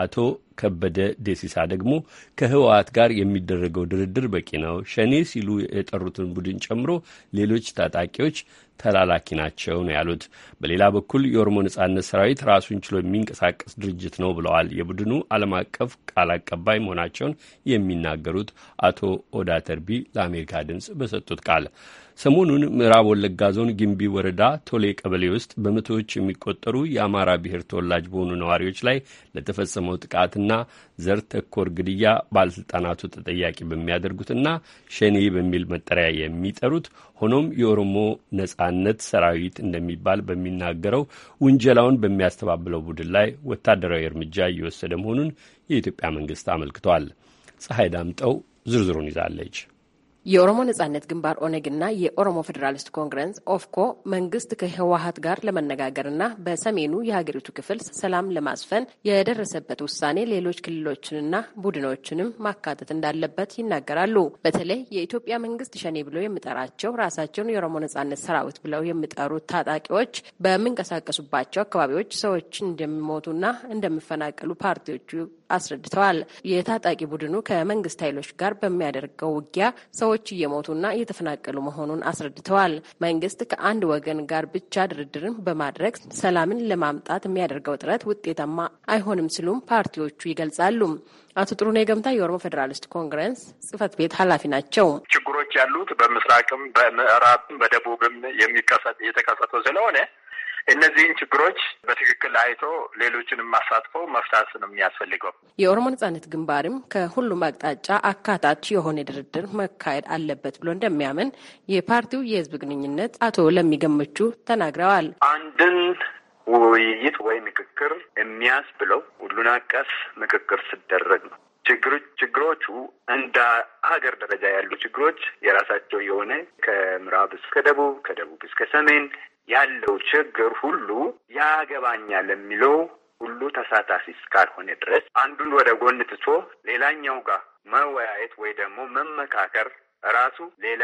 አቶ ከበደ ደሲሳ ደግሞ ከህወሓት ጋር የሚደረገው ድርድር በቂ ነው፣ ሸኔ ሲሉ የጠሩትን ቡድን ጨምሮ ሌሎች ታጣቂዎች ተላላኪ ናቸው ነው ያሉት። በሌላ በኩል የኦሮሞ ነጻነት ሰራዊት ራሱን ችሎ የሚንቀሳቀስ ድርጅት ነው ብለዋል የቡድኑ ዓለም አቀፍ ቃል አቀባይ መሆናቸውን የሚናገሩት አቶ ኦዳ ተርቢ ለአሜሪካ ድምፅ በሰጡት ቃል ሰሞኑን ምዕራብ ወለጋ ዞን ግንቢ ወረዳ ቶሌ ቀበሌ ውስጥ በመቶዎች የሚቆጠሩ የአማራ ብሔር ተወላጅ በሆኑ ነዋሪዎች ላይ ለተፈጸመው ጥቃትና ዘር ተኮር ግድያ ባለስልጣናቱ ተጠያቂ በሚያደርጉትና ሸኔ በሚል መጠሪያ የሚጠሩት ሆኖም የኦሮሞ ነጻነት ሰራዊት እንደሚባል በሚናገረው ውንጀላውን በሚያስተባብለው ቡድን ላይ ወታደራዊ እርምጃ እየወሰደ መሆኑን የኢትዮጵያ መንግስት አመልክቷል። ፀሐይ ዳምጠው ዝርዝሩን ይዛለች። የኦሮሞ ነጻነት ግንባር ኦነግና የኦሮሞ ፌዴራሊስት ኮንግረስ ኦፍኮ መንግስት ከህወሀት ጋር ለመነጋገርና በሰሜኑ የሀገሪቱ ክፍል ሰላም ለማስፈን የደረሰበት ውሳኔ ሌሎች ክልሎችንና ቡድኖችንም ማካተት እንዳለበት ይናገራሉ። በተለይ የኢትዮጵያ መንግስት ሸኔ ብለው የሚጠራቸው ራሳቸውን የኦሮሞ ነጻነት ሰራዊት ብለው የሚጠሩት ታጣቂዎች በምንቀሳቀሱባቸው አካባቢዎች ሰዎች እንደሚሞቱና እንደሚፈናቀሉ ፓርቲዎቹ አስረድተዋል። የታጣቂ ቡድኑ ከመንግስት ኃይሎች ጋር በሚያደርገው ውጊያ ሰዎች እየሞቱና እየተፈናቀሉ መሆኑን አስረድተዋል። መንግስት ከአንድ ወገን ጋር ብቻ ድርድርን በማድረግ ሰላምን ለማምጣት የሚያደርገው ጥረት ውጤታማ አይሆንም ሲሉም ፓርቲዎቹ ይገልጻሉ። አቶ ጥሩኔ ገምታ የኦሮሞ ፌዴራሊስት ኮንግረስ ጽህፈት ቤት ኃላፊ ናቸው። ችግሮች ያሉት በምስራቅም በምዕራብም በደቡብም የሚከሰት የተከሰተው ስለሆነ እነዚህን ችግሮች በትክክል አይቶ ሌሎችንም አሳትፎ መፍታት ነው የሚያስፈልገው። የኦሮሞ ነጻነት ግንባርም ከሁሉም አቅጣጫ አካታች የሆነ ድርድር መካሄድ አለበት ብሎ እንደሚያምን የፓርቲው የህዝብ ግንኙነት አቶ ለሚገመቹ ተናግረዋል። አንድን ውይይት ወይ ምክክር የሚያስ ብለው ሁሉን አቀፍ ምክክር ስደረግ ነው ችግሮቹ እንደ ሀገር ደረጃ ያሉ ችግሮች የራሳቸው የሆነ ከምዕራብ እስከ ደቡብ፣ ከደቡብ እስከ ሰሜን ያለው ችግር ሁሉ ያገባኛል የሚለው ሁሉ ተሳታፊ እስካልሆነ ድረስ አንዱን ወደ ጎን ትቶ ሌላኛው ጋር መወያየት ወይ ደግሞ መመካከር ራሱ ሌላ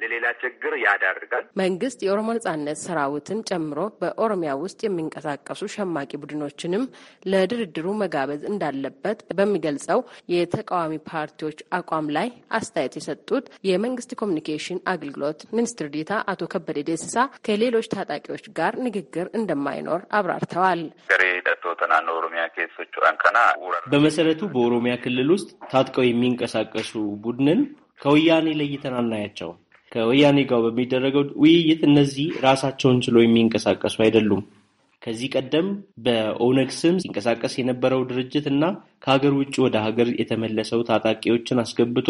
ለሌላ ችግር ያዳርጋል። መንግስት የኦሮሞ ነጻነት ሰራዊትን ጨምሮ በኦሮሚያ ውስጥ የሚንቀሳቀሱ ሸማቂ ቡድኖችንም ለድርድሩ መጋበዝ እንዳለበት በሚገልጸው የተቃዋሚ ፓርቲዎች አቋም ላይ አስተያየት የሰጡት የመንግስት ኮሚኒኬሽን አገልግሎት ሚኒስትር ዴታ አቶ ከበደ ደስሳ ከሌሎች ታጣቂዎች ጋር ንግግር እንደማይኖር አብራርተዋል። በመሰረቱ በኦሮሚያ ክልል ውስጥ ታጥቀው የሚንቀሳቀሱ ቡድንን ከወያኔ ለይተን አናያቸውም። ከወያኔ ጋር በሚደረገው ውይይት እነዚህ ራሳቸውን ችሎ የሚንቀሳቀሱ አይደሉም። ከዚህ ቀደም በኦነግ ስም ሲንቀሳቀስ የነበረው ድርጅት እና ከሀገር ውጭ ወደ ሀገር የተመለሰው ታጣቂዎችን አስገብቶ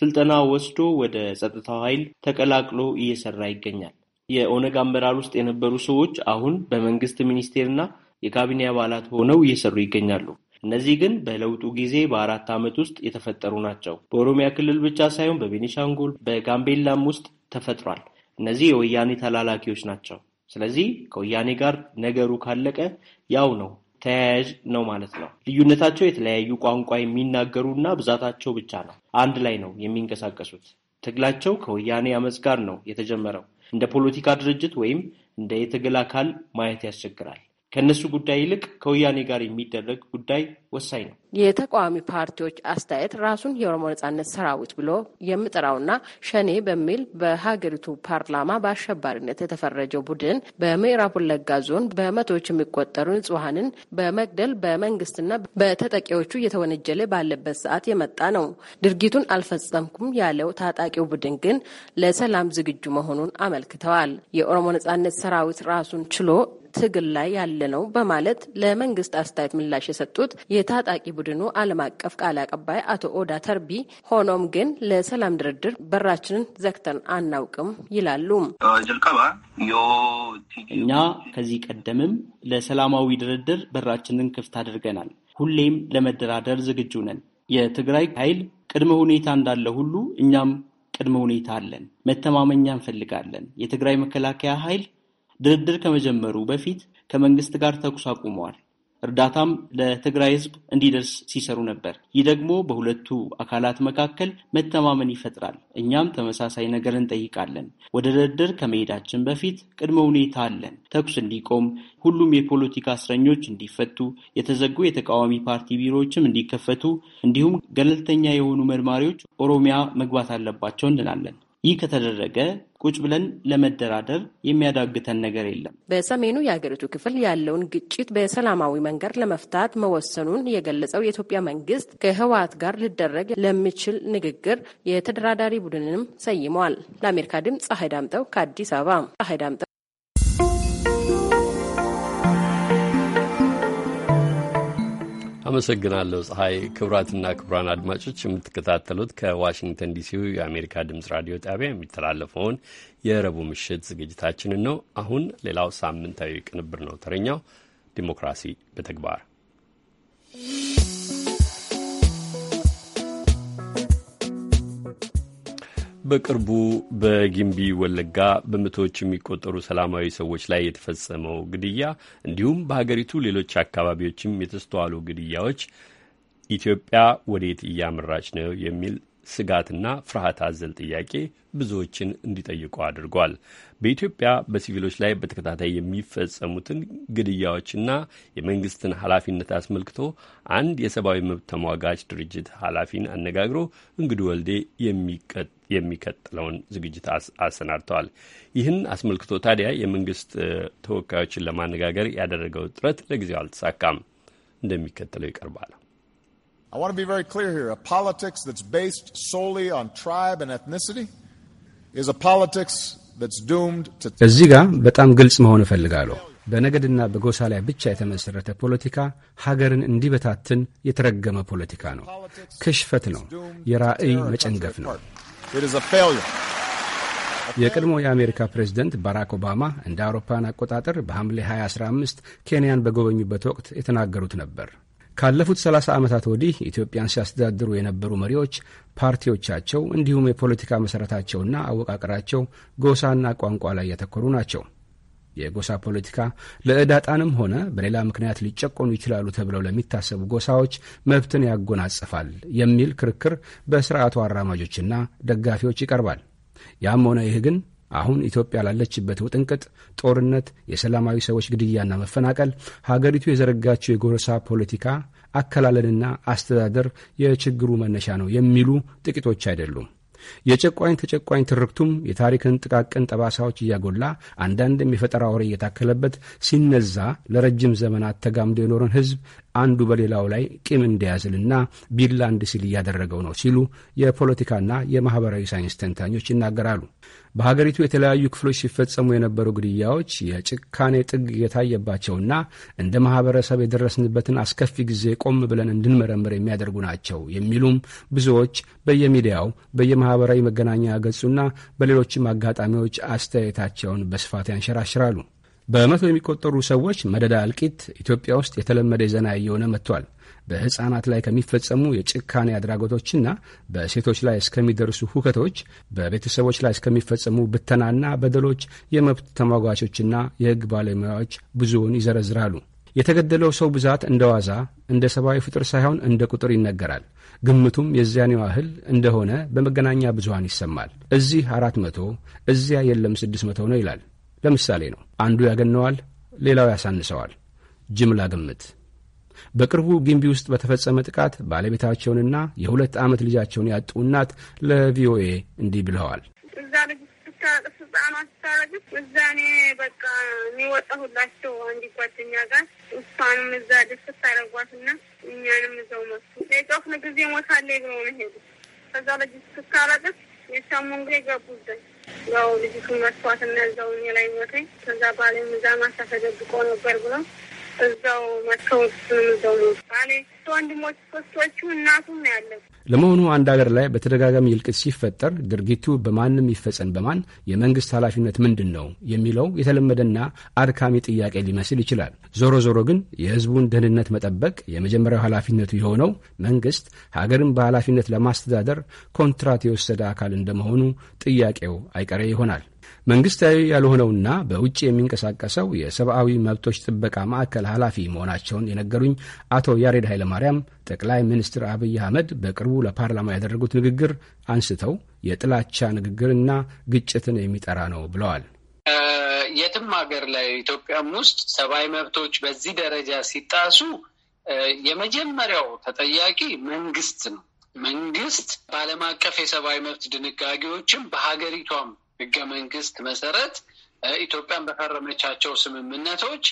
ስልጠና ወስዶ ወደ ጸጥታው ኃይል ተቀላቅሎ እየሰራ ይገኛል። የኦነግ አመራር ውስጥ የነበሩ ሰዎች አሁን በመንግስት ሚኒስቴርና የካቢኔ አባላት ሆነው እየሰሩ ይገኛሉ። እነዚህ ግን በለውጡ ጊዜ በአራት ዓመት ውስጥ የተፈጠሩ ናቸው። በኦሮሚያ ክልል ብቻ ሳይሆን በቤኒሻንጉል በጋምቤላም ውስጥ ተፈጥሯል። እነዚህ የወያኔ ተላላኪዎች ናቸው። ስለዚህ ከወያኔ ጋር ነገሩ ካለቀ ያው ነው ተያያዥ ነው ማለት ነው። ልዩነታቸው የተለያዩ ቋንቋ የሚናገሩ እና ብዛታቸው ብቻ ነው። አንድ ላይ ነው የሚንቀሳቀሱት። ትግላቸው ከወያኔ አመፅ ጋር ነው የተጀመረው። እንደ ፖለቲካ ድርጅት ወይም እንደ የትግል አካል ማየት ያስቸግራል። ከእነሱ ጉዳይ ይልቅ ከወያኔ ጋር የሚደረግ ጉዳይ ወሳኝ ነው። የተቃዋሚ ፓርቲዎች አስተያየት ራሱን የኦሮሞ ነጻነት ሰራዊት ብሎ የምጠራውና ሸኔ በሚል በሀገሪቱ ፓርላማ በአሸባሪነት የተፈረጀው ቡድን በምዕራብ ወለጋ ዞን በመቶዎች የሚቆጠሩ ንጹሐንን በመግደል በመንግስትና በተጠቂዎቹ እየተወነጀለ ባለበት ሰዓት የመጣ ነው። ድርጊቱን አልፈጸምኩም ያለው ታጣቂው ቡድን ግን ለሰላም ዝግጁ መሆኑን አመልክተዋል። የኦሮሞ ነጻነት ሰራዊት ራሱን ችሎ ትግል ላይ ያለ ነው በማለት ለመንግስት አስተያየት ምላሽ የሰጡት የታጣቂ ቡድኑ ዓለም አቀፍ ቃል አቀባይ አቶ ኦዳ ተርቢ፣ ሆኖም ግን ለሰላም ድርድር በራችንን ዘግተን አናውቅም ይላሉ። እኛ ከዚህ ቀደምም ለሰላማዊ ድርድር በራችንን ክፍት አድርገናል። ሁሌም ለመደራደር ዝግጁ ነን። የትግራይ ኃይል ቅድመ ሁኔታ እንዳለ ሁሉ እኛም ቅድመ ሁኔታ አለን። መተማመኛ እንፈልጋለን። የትግራይ መከላከያ ኃይል ድርድር ከመጀመሩ በፊት ከመንግስት ጋር ተኩስ አቁመዋል። እርዳታም ለትግራይ ህዝብ እንዲደርስ ሲሰሩ ነበር። ይህ ደግሞ በሁለቱ አካላት መካከል መተማመን ይፈጥራል። እኛም ተመሳሳይ ነገር እንጠይቃለን። ወደ ድርድር ከመሄዳችን በፊት ቅድመ ሁኔታ አለን። ተኩስ እንዲቆም፣ ሁሉም የፖለቲካ እስረኞች እንዲፈቱ፣ የተዘጉ የተቃዋሚ ፓርቲ ቢሮዎችም እንዲከፈቱ፣ እንዲሁም ገለልተኛ የሆኑ መርማሪዎች ኦሮሚያ መግባት አለባቸው እንላለን። ይህ ከተደረገ ቁጭ ብለን ለመደራደር የሚያዳግተን ነገር የለም። በሰሜኑ የአገሪቱ ክፍል ያለውን ግጭት በሰላማዊ መንገድ ለመፍታት መወሰኑን የገለጸው የኢትዮጵያ መንግስት ከህወሓት ጋር ሊደረግ ለሚችል ንግግር የተደራዳሪ ቡድንንም ሰይመዋል። ለአሜሪካ ድምፅ ፀሐይ ዳምጠው ከአዲስ አበባ። ፀሐይ ዳምጠው አመሰግናለሁ ፀሐይ። ክቡራትና ክቡራን አድማጮች የምትከታተሉት ከዋሽንግተን ዲሲው የአሜሪካ ድምፅ ራዲዮ ጣቢያ የሚተላለፈውን የረቡዕ ምሽት ዝግጅታችንን ነው። አሁን ሌላው ሳምንታዊ ቅንብር ነው። ተረኛው ዲሞክራሲ በተግባር በቅርቡ በጊምቢ ወለጋ በመቶዎች የሚቆጠሩ ሰላማዊ ሰዎች ላይ የተፈጸመው ግድያ እንዲሁም በሀገሪቱ ሌሎች አካባቢዎችም የተስተዋሉ ግድያዎች ኢትዮጵያ ወዴት እያመራች ነው የሚል ስጋትና ፍርሃት አዘል ጥያቄ ብዙዎችን እንዲጠይቁ አድርጓል። በኢትዮጵያ በሲቪሎች ላይ በተከታታይ የሚፈጸሙትን ግድያዎችና የመንግስትን ኃላፊነት አስመልክቶ አንድ የሰብአዊ መብት ተሟጋች ድርጅት ኃላፊን አነጋግሮ እንግዱ ወልዴ የሚቀጥለውን ዝግጅት አሰናድተዋል። ይህን አስመልክቶ ታዲያ የመንግስት ተወካዮችን ለማነጋገር ያደረገው ጥረት ለጊዜው አልተሳካም። እንደሚከተለው ይቀርባል። I want to be very clear here. A politics that's based solely on tribe and ethnicity is a politics that's doomed to እዚህ ጋር በጣም ግልጽ መሆን እፈልጋለሁ። በነገድና በጎሳ ላይ ብቻ የተመሠረተ ፖለቲካ ሀገርን እንዲበታትን የተረገመ ፖለቲካ ነው። ክሽፈት ነው። የራዕይ መጨንገፍ ነው። የቀድሞ የአሜሪካ ፕሬዚደንት ባራክ ኦባማ እንደ አውሮፓውያን አቆጣጠር በሐምሌ 2015 ኬንያን በጎበኙበት ወቅት የተናገሩት ነበር። ካለፉት 30 ዓመታት ወዲህ ኢትዮጵያን ሲያስተዳድሩ የነበሩ መሪዎች ፓርቲዎቻቸው፣ እንዲሁም የፖለቲካ መሠረታቸውና አወቃቀራቸው ጎሳና ቋንቋ ላይ ያተኮሩ ናቸው። የጎሳ ፖለቲካ ለእዳጣንም ሆነ በሌላ ምክንያት ሊጨቆኑ ይችላሉ ተብለው ለሚታሰቡ ጎሳዎች መብትን ያጎናጽፋል የሚል ክርክር በሥርዓቱ አራማጆችና ደጋፊዎች ይቀርባል። ያም ሆነ ይህ ግን አሁን ኢትዮጵያ ላለችበት ውጥንቅጥ፣ ጦርነት፣ የሰላማዊ ሰዎች ግድያና መፈናቀል ሀገሪቱ የዘረጋችው የጎረሳ ፖለቲካ አከላለልና አስተዳደር የችግሩ መነሻ ነው የሚሉ ጥቂቶች አይደሉም። የጨቋኝ ተጨቋኝ ትርክቱም የታሪክን ጥቃቅን ጠባሳዎች እያጎላ አንዳንድም የፈጠራ ወሬ እየታከለበት ሲነዛ ለረጅም ዘመናት ተጋምዶ የኖረን ሕዝብ አንዱ በሌላው ላይ ቂም እንዲያዝልና ቢላ እንዲስል እያደረገው ነው ሲሉ የፖለቲካና የማህበራዊ ሳይንስ ተንታኞች ይናገራሉ። በሀገሪቱ የተለያዩ ክፍሎች ሲፈጸሙ የነበሩ ግድያዎች የጭካኔ ጥግ የታየባቸውና እንደ ማህበረሰብ የደረስንበትን አስከፊ ጊዜ ቆም ብለን እንድንመረምር የሚያደርጉ ናቸው የሚሉም ብዙዎች በየሚዲያው በየማህበራዊ መገናኛ ገጹና በሌሎችም አጋጣሚዎች አስተያየታቸውን በስፋት ያንሸራሽራሉ። በመቶ የሚቆጠሩ ሰዎች መደዳ እልቂት ኢትዮጵያ ውስጥ የተለመደ ዘና እየሆነ መጥቷል። በሕፃናት ላይ ከሚፈጸሙ የጭካኔ አድራጎቶችና በሴቶች ላይ እስከሚደርሱ ሁከቶች፣ በቤተሰቦች ላይ እስከሚፈጸሙ ብተናና በደሎች የመብት ተሟጋቾችና የሕግ ባለሙያዎች ብዙውን ይዘረዝራሉ። የተገደለው ሰው ብዛት እንደ ዋዛ እንደ ሰብአዊ ፍጡር ሳይሆን እንደ ቁጥር ይነገራል። ግምቱም የዚያን ያህል እንደሆነ በመገናኛ ብዙሃን ይሰማል። እዚህ አራት መቶ እዚያ የለም ስድስት መቶ ነው ይላል። ለምሳሌ ነው። አንዱ ያገነዋል፣ ሌላው ያሳንሰዋል። ጅምላ ግምት በቅርቡ ግንቢ ውስጥ በተፈጸመ ጥቃት ባለቤታቸውንና የሁለት ዓመት ልጃቸውን ያጡ እናት ለቪኦኤ እንዲህ ብለዋል። እዛ ልጅ ስታለቅስ ህጻኗ ስታለቅስ እዛ እኔ በቃ የሚወጣሁላቸው አንድ ጓደኛ ጋር እሷንም እዛ ደስ ስታረጓትና እኛንም እዛው መሱ የጮኽን ጊዜ ሞታለ ብሎ ነው ሄዱ። ከዛ ልጅ ስታለቅስ የሰሙ እንግዲህ ገቡብን ያው ልጅቱን መጥቷት እና እኔ ላይ ሞተኝ። ከዛ ባለ ምዛማ ተፈደብቆ ነበር ብለው። እዛው መተውት ውሳኔ ወንድሞች ሶስቶቹ እናቱም ያለ ለመሆኑ አንድ ሀገር ላይ በተደጋጋሚ እልቂት ሲፈጠር ድርጊቱ በማንም ይፈጸም በማን የመንግስት ኃላፊነት ምንድን ነው የሚለው የተለመደና አድካሚ ጥያቄ ሊመስል ይችላል። ዞሮ ዞሮ ግን የሕዝቡን ደህንነት መጠበቅ የመጀመሪያው ኃላፊነቱ የሆነው መንግስት ሀገርን በኃላፊነት ለማስተዳደር ኮንትራት የወሰደ አካል እንደመሆኑ ጥያቄው አይቀሬ ይሆናል። መንግስታዊ ያልሆነውና በውጭ የሚንቀሳቀሰው የሰብአዊ መብቶች ጥበቃ ማዕከል ኃላፊ መሆናቸውን የነገሩኝ አቶ ያሬድ ኃይለማርያም ጠቅላይ ሚኒስትር አብይ አህመድ በቅርቡ ለፓርላማ ያደረጉት ንግግር አንስተው የጥላቻ ንግግርና ግጭትን የሚጠራ ነው ብለዋል። የትም ሀገር ላይ ኢትዮጵያም ውስጥ ሰብአዊ መብቶች በዚህ ደረጃ ሲጣሱ የመጀመሪያው ተጠያቂ መንግስት ነው። መንግስት በዓለም አቀፍ የሰብአዊ መብት ድንጋጌዎችም በሀገሪቷም ህገ መንግስት መሰረት ኢትዮጵያን በፈረመቻቸው ስምምነቶች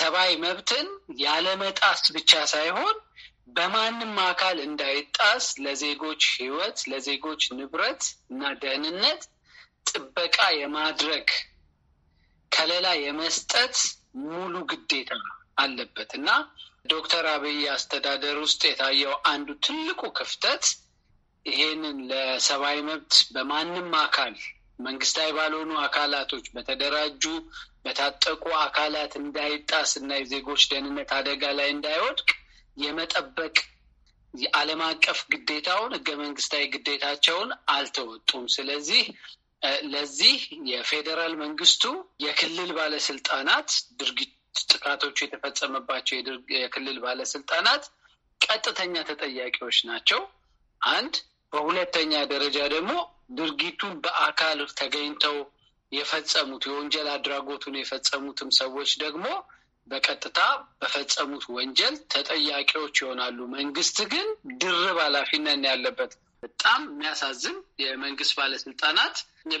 ሰብአዊ መብትን ያለመጣስ ብቻ ሳይሆን በማንም አካል እንዳይጣስ ለዜጎች ህይወት፣ ለዜጎች ንብረት እና ደህንነት ጥበቃ የማድረግ ከለላ የመስጠት ሙሉ ግዴታ አለበት እና ዶክተር አብይ አስተዳደር ውስጥ የታየው አንዱ ትልቁ ክፍተት ይህንን ለሰብአዊ መብት በማንም አካል መንግስታዊ ባልሆኑ አካላቶች በተደራጁ በታጠቁ አካላት እንዳይጣስ እና የዜጎች ደህንነት አደጋ ላይ እንዳይወድቅ የመጠበቅ የዓለም አቀፍ ግዴታውን ህገ መንግስታዊ ግዴታቸውን አልተወጡም። ስለዚህ ለዚህ የፌዴራል መንግስቱ የክልል ባለስልጣናት ድርጊት ጥቃቶቹ የተፈጸመባቸው የክልል ባለስልጣናት ቀጥተኛ ተጠያቂዎች ናቸው። አንድ በሁለተኛ ደረጃ ደግሞ ድርጊቱን በአካል ተገኝተው የፈጸሙት የወንጀል አድራጎቱን የፈጸሙትም ሰዎች ደግሞ በቀጥታ በፈጸሙት ወንጀል ተጠያቂዎች ይሆናሉ። መንግስት ግን ድርብ ኃላፊነት ያለበት በጣም የሚያሳዝን የመንግስት ባለስልጣናት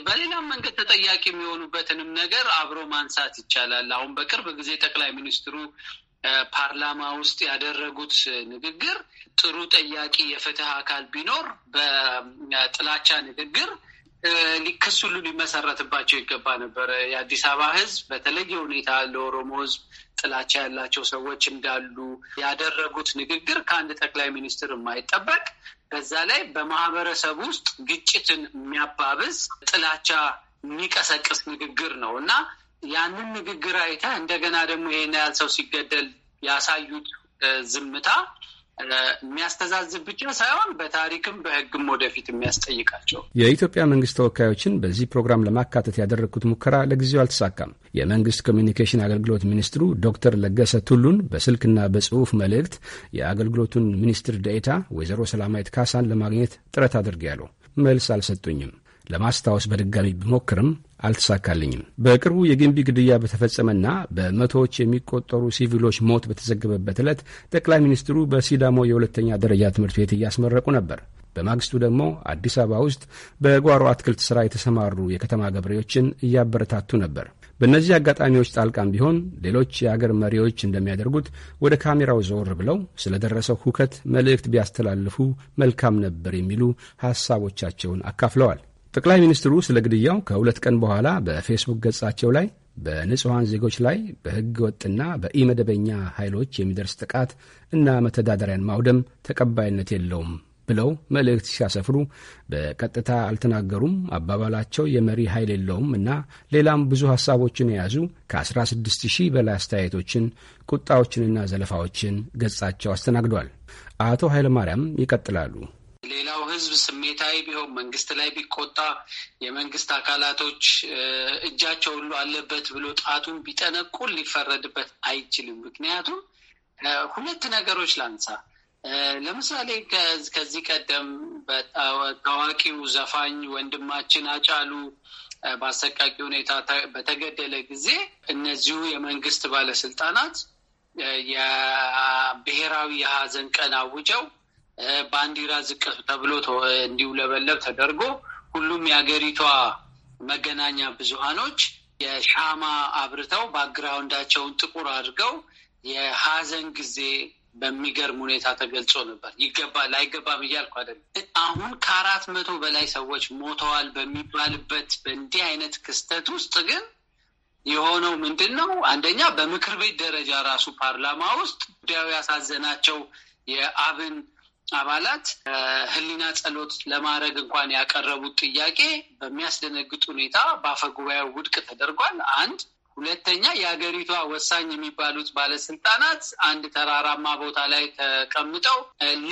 በሌላም መንገድ ተጠያቂ የሚሆኑበትንም ነገር አብሮ ማንሳት ይቻላል። አሁን በቅርብ ጊዜ ጠቅላይ ሚኒስትሩ ፓርላማ ውስጥ ያደረጉት ንግግር ጥሩ ጠያቂ የፍትህ አካል ቢኖር በጥላቻ ንግግር ክስ ሁሉ ሊመሰረትባቸው ይገባ ነበረ። የአዲስ አበባ ህዝብ በተለየ ሁኔታ ለኦሮሞ ህዝብ ጥላቻ ያላቸው ሰዎች እንዳሉ ያደረጉት ንግግር ከአንድ ጠቅላይ ሚኒስትር የማይጠበቅ በዛ ላይ በማህበረሰብ ውስጥ ግጭትን የሚያባብስ ጥላቻ የሚቀሰቅስ ንግግር ነው እና ያንን ንግግር አይተ እንደገና ደግሞ ይሄን ያህል ሰው ሲገደል ያሳዩት ዝምታ የሚያስተዛዝብ ብቻ ሳይሆን በታሪክም በሕግም ወደፊት የሚያስጠይቃቸው። የኢትዮጵያ መንግስት ተወካዮችን በዚህ ፕሮግራም ለማካተት ያደረግኩት ሙከራ ለጊዜው አልተሳካም። የመንግስት ኮሚኒኬሽን አገልግሎት ሚኒስትሩ ዶክተር ለገሰ ቱሉን በስልክና በጽሁፍ መልእክት የአገልግሎቱን ሚኒስትር ደኤታ ወይዘሮ ሰላማዊት ካሳን ለማግኘት ጥረት አድርጌያለሁ። መልስ አልሰጡኝም። ለማስታወስ በድጋሚ ብሞክርም አልተሳካልኝም። በቅርቡ የግንቢ ግድያ በተፈጸመና በመቶዎች የሚቆጠሩ ሲቪሎች ሞት በተዘገበበት ዕለት ጠቅላይ ሚኒስትሩ በሲዳሞ የሁለተኛ ደረጃ ትምህርት ቤት እያስመረቁ ነበር። በማግስቱ ደግሞ አዲስ አበባ ውስጥ በጓሮ አትክልት ሥራ የተሰማሩ የከተማ ገበሬዎችን እያበረታቱ ነበር። በእነዚህ አጋጣሚዎች ጣልቃም ቢሆን ሌሎች የአገር መሪዎች እንደሚያደርጉት ወደ ካሜራው ዘወር ብለው ስለደረሰው ሁከት መልእክት ቢያስተላልፉ መልካም ነበር የሚሉ ሐሳቦቻቸውን አካፍለዋል። ጠቅላይ ሚኒስትሩ ስለ ግድያው ከሁለት ቀን በኋላ በፌስቡክ ገጻቸው ላይ በንጹሐን ዜጎች ላይ በሕገ ወጥና በኢመደበኛ ኃይሎች የሚደርስ ጥቃት እና መተዳደሪያን ማውደም ተቀባይነት የለውም ብለው መልእክት ሲያሰፍሩ በቀጥታ አልተናገሩም። አባባላቸው የመሪ ኃይል የለውም እና ሌላም ብዙ ሐሳቦችን የያዙ ከ16 ሺህ በላይ አስተያየቶችን፣ ቁጣዎችንና ዘለፋዎችን ገጻቸው አስተናግዷል። አቶ ኃይለማርያም ይቀጥላሉ። ሌላው ህዝብ ስሜታዊ ቢሆን መንግስት ላይ ቢቆጣ የመንግስት አካላቶች እጃቸው ሁሉ አለበት ብሎ ጣቱን ቢጠነቁል ሊፈረድበት አይችልም። ምክንያቱም ሁለት ነገሮች ላንሳ። ለምሳሌ ከዚህ ቀደም ታዋቂው ዘፋኝ ወንድማችን አጫሉ በአሰቃቂ ሁኔታ በተገደለ ጊዜ እነዚሁ የመንግስት ባለስልጣናት የብሔራዊ የሀዘን ቀን አውጀው ባንዲራ ዝቅ ተብሎ እንዲውለበለብ ተደርጎ ሁሉም የአገሪቷ መገናኛ ብዙሃኖች የሻማ አብርተው ባግራውንዳቸውን ጥቁር አድርገው የሀዘን ጊዜ በሚገርም ሁኔታ ተገልጾ ነበር። ይገባል አይገባም እያልኩ አይደለም። አሁን ከአራት መቶ በላይ ሰዎች ሞተዋል በሚባልበት በእንዲህ አይነት ክስተት ውስጥ ግን የሆነው ምንድን ነው? አንደኛ በምክር ቤት ደረጃ ራሱ ፓርላማ ውስጥ ጉዳዩ ያሳዘናቸው የአብን አባላት ህሊና ጸሎት ለማድረግ እንኳን ያቀረቡት ጥያቄ በሚያስደነግጥ ሁኔታ በአፈ ጉባኤው ውድቅ ተደርጓል። አንድ ሁለተኛ የሀገሪቷ ወሳኝ የሚባሉት ባለስልጣናት አንድ ተራራማ ቦታ ላይ ተቀምጠው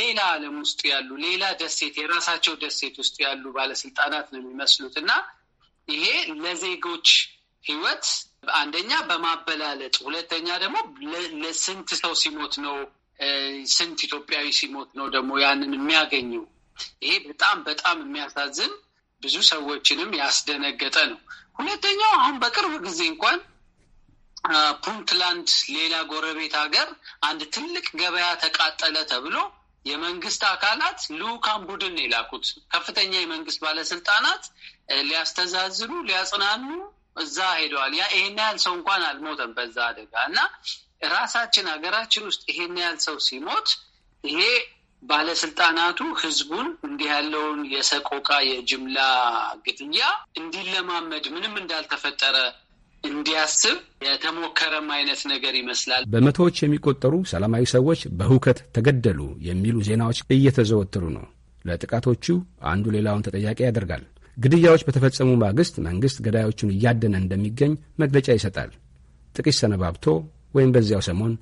ሌላ ዓለም ውስጥ ያሉ ሌላ ደሴት የራሳቸው ደሴት ውስጥ ያሉ ባለስልጣናት ነው የሚመስሉት እና ይሄ ለዜጎች ህይወት አንደኛ በማበላለጥ ሁለተኛ ደግሞ ለስንት ሰው ሲሞት ነው ስንት ኢትዮጵያዊ ሲሞት ነው ደግሞ ያንን የሚያገኘው? ይሄ በጣም በጣም የሚያሳዝን ብዙ ሰዎችንም ያስደነገጠ ነው። ሁለተኛው አሁን በቅርብ ጊዜ እንኳን ፑንትላንድ፣ ሌላ ጎረቤት ሀገር አንድ ትልቅ ገበያ ተቃጠለ ተብሎ የመንግስት አካላት ልዑካን ቡድን የላኩት ከፍተኛ የመንግስት ባለስልጣናት ሊያስተዛዝኑ ሊያጽናኑ እዛ ሄደዋል። ያ ይሄን ያህል ሰው እንኳን አልሞተም በዛ አደጋ እና ራሳችን ሀገራችን ውስጥ ይሄን ያህል ሰው ሲሞት ይሄ ባለስልጣናቱ ህዝቡን እንዲህ ያለውን የሰቆቃ የጅምላ ግድያ እንዲለማመድ ምንም እንዳልተፈጠረ እንዲያስብ የተሞከረም አይነት ነገር ይመስላል። በመቶዎች የሚቆጠሩ ሰላማዊ ሰዎች በሁከት ተገደሉ የሚሉ ዜናዎች እየተዘወተሩ ነው። ለጥቃቶቹ አንዱ ሌላውን ተጠያቂ ያደርጋል። ግድያዎች በተፈጸሙ ማግስት መንግሥት ገዳዮቹን እያደነ እንደሚገኝ መግለጫ ይሰጣል። ጥቂት ሰነባብቶ ወይም በዚያው ሰሞን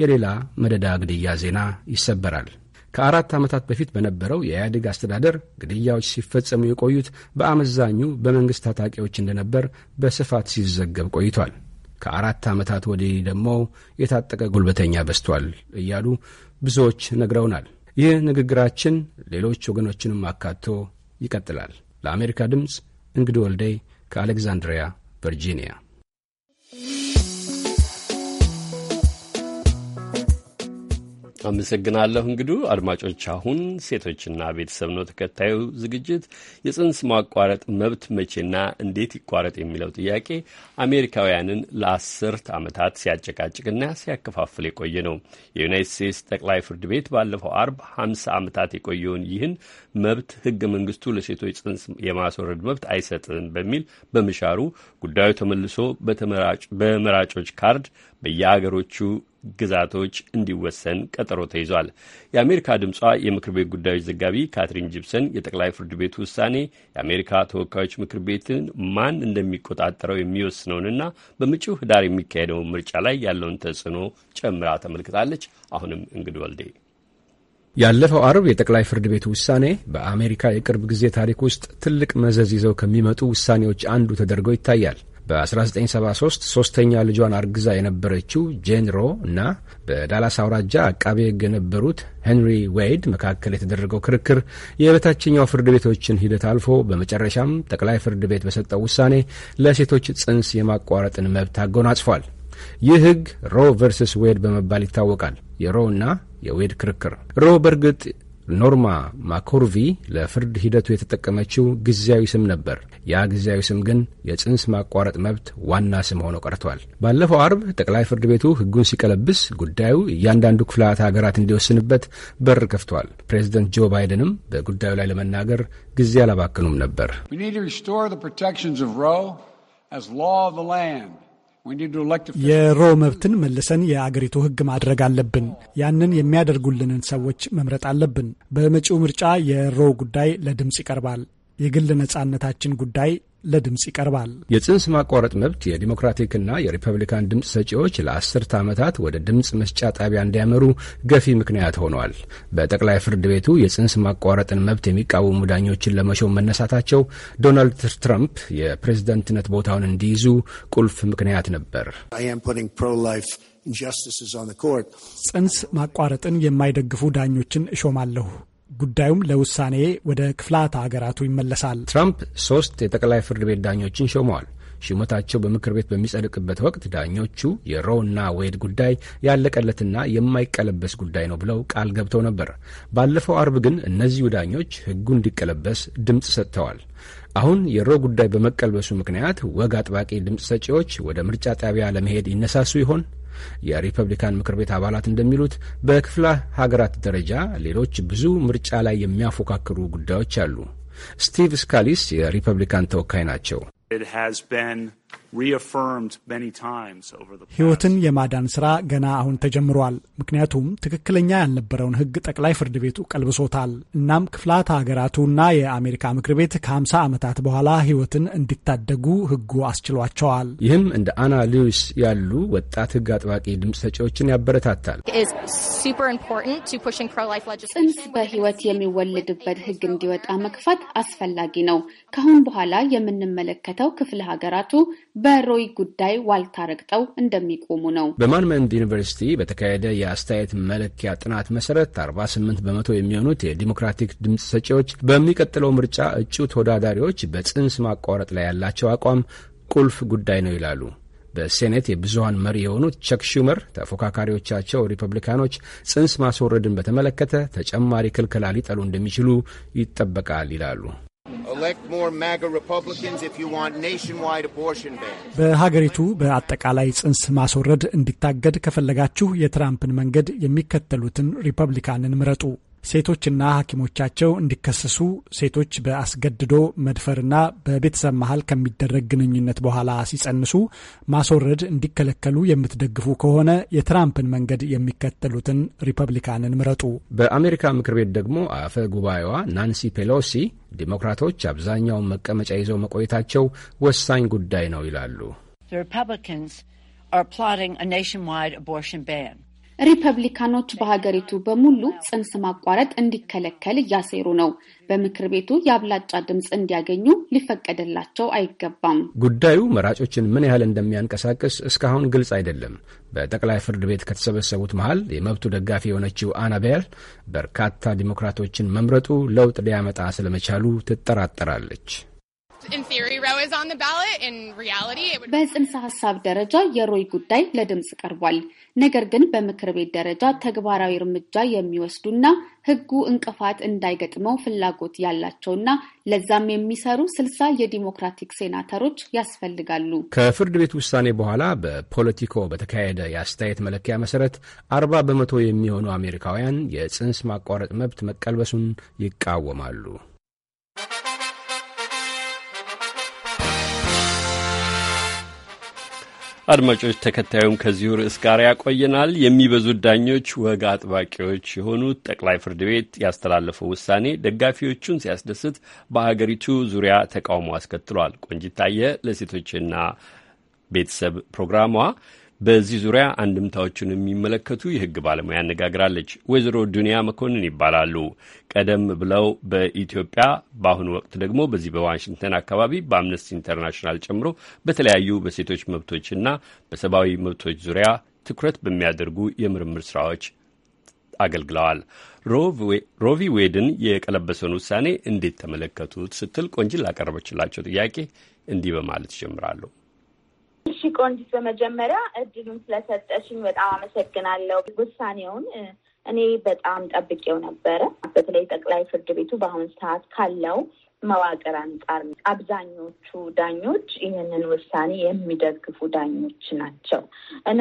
የሌላ መደዳ ግድያ ዜና ይሰበራል። ከአራት ዓመታት በፊት በነበረው የኢህአዴግ አስተዳደር ግድያዎች ሲፈጸሙ የቆዩት በአመዛኙ በመንግሥት ታጣቂዎች እንደነበር በስፋት ሲዘገብ ቆይቷል። ከአራት ዓመታት ወዲህ ደግሞ የታጠቀ ጉልበተኛ በዝቷል እያሉ ብዙዎች ነግረውናል። ይህ ንግግራችን ሌሎች ወገኖችንም አካቶ ይቀጥላል። ለአሜሪካ ድምፅ እንግዲህ ወልዴ ከአሌክዛንድሪያ ቨርጂኒያ አመሰግናለሁ እንግዱ። አድማጮች አሁን ሴቶችና ቤተሰብ ነው ተከታዩ ዝግጅት። የጽንስ ማቋረጥ መብት መቼና እንዴት ይቋረጥ የሚለው ጥያቄ አሜሪካውያንን ለአስርት ዓመታት ሲያጨቃጭቅና ሲያከፋፍል የቆየ ነው። የዩናይት ስቴትስ ጠቅላይ ፍርድ ቤት ባለፈው አርብ ሀምሳ ዓመታት የቆየውን ይህን መብት ህገ መንግስቱ ለሴቶች ጽንስ የማስወረድ መብት አይሰጥም በሚል በምሻሩ ጉዳዩ ተመልሶ በመራጮች ካርድ በየሀገሮቹ። ግዛቶች እንዲወሰን ቀጠሮ ተይዟል። የአሜሪካ ድምጿ የምክር ቤት ጉዳዮች ዘጋቢ ካትሪን ጂፕሰን የጠቅላይ ፍርድ ቤቱ ውሳኔ የአሜሪካ ተወካዮች ምክር ቤትን ማን እንደሚቆጣጠረው የሚወስነውንና በመጪው ህዳር የሚካሄደውን ምርጫ ላይ ያለውን ተጽዕኖ ጨምራ ተመልክታለች። አሁንም እንግድ ወልዴ ያለፈው አርብ የጠቅላይ ፍርድ ቤት ውሳኔ በአሜሪካ የቅርብ ጊዜ ታሪክ ውስጥ ትልቅ መዘዝ ይዘው ከሚመጡ ውሳኔዎች አንዱ ተደርገው ይታያል። በ1973 ሶስተኛ ልጇን አርግዛ የነበረችው ጄን ሮ እና በዳላስ አውራጃ አቃቤ ሕግ የነበሩት ሄንሪ ዌይድ መካከል የተደረገው ክርክር የበታችኛው ፍርድ ቤቶችን ሂደት አልፎ በመጨረሻም ጠቅላይ ፍርድ ቤት በሰጠው ውሳኔ ለሴቶች ጽንስ የማቋረጥን መብት አጎናጽፏል። ይህ ሕግ ሮ ቨርስስ ዌድ በመባል ይታወቃል። የሮ እና የዌድ ክርክር ሮ በእርግጥ ኖርማ ማኮርቪ ለፍርድ ሂደቱ የተጠቀመችው ጊዜያዊ ስም ነበር። ያ ጊዜያዊ ስም ግን የጽንስ ማቋረጥ መብት ዋና ስም ሆኖ ቀርቷል። ባለፈው አርብ ጠቅላይ ፍርድ ቤቱ ሕጉን ሲቀለብስ ጉዳዩ እያንዳንዱ ክፍላት ሀገራት እንዲወስንበት በር ከፍቷል። ፕሬዚደንት ጆ ባይደንም በጉዳዩ ላይ ለመናገር ጊዜ አላባክኑም ነበር። የሮ መብትን መልሰን የአገሪቱ ሕግ ማድረግ አለብን። ያንን የሚያደርጉልንን ሰዎች መምረጥ አለብን። በመጪው ምርጫ የሮ ጉዳይ ለድምፅ ይቀርባል። የግል ነጻነታችን ጉዳይ ለድምፅ ይቀርባል። የጽንስ ማቋረጥ መብት የዲሞክራቲክና የሪፐብሊካን ድምፅ ሰጪዎች ለአስርተ ዓመታት ወደ ድምፅ መስጫ ጣቢያ እንዲያመሩ ገፊ ምክንያት ሆኗል። በጠቅላይ ፍርድ ቤቱ የጽንስ ማቋረጥን መብት የሚቃወሙ ዳኞችን ለመሾም መነሳታቸው ዶናልድ ትራምፕ የፕሬዝደንትነት ቦታውን እንዲይዙ ቁልፍ ምክንያት ነበር። ጽንስ ማቋረጥን የማይደግፉ ዳኞችን እሾማለሁ ጉዳዩም ለውሳኔ ወደ ክፍላት አገራቱ ይመለሳል። ትራምፕ ሶስት የጠቅላይ ፍርድ ቤት ዳኞችን ሾመዋል። ሹመታቸው በምክር ቤት በሚጸድቅበት ወቅት ዳኞቹ የሮና ዌድ ጉዳይ ያለቀለትና የማይቀለበስ ጉዳይ ነው ብለው ቃል ገብተው ነበር። ባለፈው አርብ ግን እነዚሁ ዳኞች ሕጉ እንዲቀለበስ ድምፅ ሰጥተዋል። አሁን የሮ ጉዳይ በመቀልበሱ ምክንያት ወግ አጥባቂ ድምፅ ሰጪዎች ወደ ምርጫ ጣቢያ ለመሄድ ይነሳሱ ይሆን? የሪፐብሊካን ምክር ቤት አባላት እንደሚሉት በክፍለ ሀገራት ደረጃ ሌሎች ብዙ ምርጫ ላይ የሚያፎካክሩ ጉዳዮች አሉ። ስቲቭ ስካሊስ የሪፐብሊካን ተወካይ ናቸው። ሕይወትን የማዳን ሥራ ገና አሁን ተጀምሯል። ምክንያቱም ትክክለኛ ያልነበረውን ሕግ ጠቅላይ ፍርድ ቤቱ ቀልብሶታል። እናም ክፍላት ሀገራቱና የአሜሪካ ምክር ቤት ከ50 ዓመታት በኋላ ሕይወትን እንዲታደጉ ሕጉ አስችሏቸዋል። ይህም እንደ አና ሊዊስ ያሉ ወጣት ሕግ አጥባቂ ድምፅ ሰጪዎችን ያበረታታል። ጽንስ በሕይወት የሚወለድበት ሕግ እንዲወጣ መግፋት አስፈላጊ ነው። ከአሁን በኋላ የምንመለከተው ክፍለ ሀገራቱ በሮይ ጉዳይ ዋልታ ረግጠው እንደሚቆሙ ነው። በማንመንድ ዩኒቨርሲቲ በተካሄደ የአስተያየት መለኪያ ጥናት መሰረት 48 በመቶ የሚሆኑት የዲሞክራቲክ ድምፅ ሰጪዎች በሚቀጥለው ምርጫ እጩ ተወዳዳሪዎች በጽንስ ማቋረጥ ላይ ያላቸው አቋም ቁልፍ ጉዳይ ነው ይላሉ። በሴኔት የብዙሀን መሪ የሆኑት ቸክ ሹመር ተፎካካሪዎቻቸው ሪፐብሊካኖች ጽንስ ማስወረድን በተመለከተ ተጨማሪ ክልከላ ሊጠሉ እንደሚችሉ ይጠበቃል ይላሉ። በሀገሪቱ በአጠቃላይ ጽንስ ማስወረድ እንዲታገድ ከፈለጋችሁ የትራምፕን መንገድ የሚከተሉትን ሪፐብሊካንን ምረጡ። ሴቶችና ሐኪሞቻቸው እንዲከሰሱ ሴቶች በአስገድዶ መድፈርና በቤተሰብ መሀል ከሚደረግ ግንኙነት በኋላ ሲጸንሱ ማስወረድ እንዲከለከሉ የምትደግፉ ከሆነ የትራምፕን መንገድ የሚከተሉትን ሪፐብሊካንን ምረጡ። በአሜሪካ ምክር ቤት ደግሞ አፈ ጉባኤዋ ናንሲ ፔሎሲ ዲሞክራቶች አብዛኛውን መቀመጫ ይዘው መቆየታቸው ወሳኝ ጉዳይ ነው ይላሉ። ሪፐብሊካንስ አር አ ኔሽንዋይድ አቦርሽን ባን ሪፐብሊካኖች በሀገሪቱ በሙሉ ጽንስ ማቋረጥ እንዲከለከል እያሴሩ ነው። በምክር ቤቱ የአብላጫ ድምፅ እንዲያገኙ ሊፈቀድላቸው አይገባም። ጉዳዩ መራጮችን ምን ያህል እንደሚያንቀሳቅስ እስካሁን ግልጽ አይደለም። በጠቅላይ ፍርድ ቤት ከተሰበሰቡት መሃል የመብቱ ደጋፊ የሆነችው አናቤል በርካታ ዲሞክራቶችን መምረጡ ለውጥ ሊያመጣ ስለመቻሉ ትጠራጠራለች። በጽንሰ ሀሳብ ደረጃ የሮይ ጉዳይ ለድምፅ ቀርቧል። ነገር ግን በምክር ቤት ደረጃ ተግባራዊ እርምጃ የሚወስዱና ሕጉ እንቅፋት እንዳይገጥመው ፍላጎት ያላቸውና ለዛም የሚሰሩ ስልሳ የዲሞክራቲክ ሴናተሮች ያስፈልጋሉ። ከፍርድ ቤት ውሳኔ በኋላ በፖለቲኮ በተካሄደ የአስተያየት መለኪያ መሰረት አርባ በመቶ የሚሆኑ አሜሪካውያን የጽንስ ማቋረጥ መብት መቀልበሱን ይቃወማሉ። አድማጮች ተከታዩም ከዚሁ ርዕስ ጋር ያቆየናል። የሚበዙት ዳኞች ወግ አጥባቂዎች የሆኑት ጠቅላይ ፍርድ ቤት ያስተላለፈው ውሳኔ ደጋፊዎቹን ሲያስደስት፣ በሀገሪቱ ዙሪያ ተቃውሞ አስከትሏል። ቆንጂታየ ለሴቶችና ቤተሰብ ፕሮግራሟ በዚህ ዙሪያ አንድምታዎቹን የሚመለከቱ የህግ ባለሙያ አነጋግራለች። ወይዘሮ ዱንያ መኮንን ይባላሉ። ቀደም ብለው በኢትዮጵያ በአሁኑ ወቅት ደግሞ በዚህ በዋሽንግተን አካባቢ በአምነስቲ ኢንተርናሽናል ጨምሮ በተለያዩ በሴቶች መብቶችና በሰብአዊ መብቶች ዙሪያ ትኩረት በሚያደርጉ የምርምር ስራዎች አገልግለዋል። ሮቪ ዌድን የቀለበሰውን ውሳኔ እንዴት ተመለከቱት ስትል ቆንጅል ላቀረበችላቸው ጥያቄ እንዲህ በማለት ይጀምራሉ። እሺ ቆንጂት፣ በመጀመሪያ እድሉን ስለሰጠሽኝ በጣም አመሰግናለሁ። ውሳኔውን እኔ በጣም ጠብቄው ነበረ። በተለይ ጠቅላይ ፍርድ ቤቱ በአሁኑ ሰዓት ካለው መዋቅር አንጻር አብዛኞቹ ዳኞች ይህንን ውሳኔ የሚደግፉ ዳኞች ናቸው።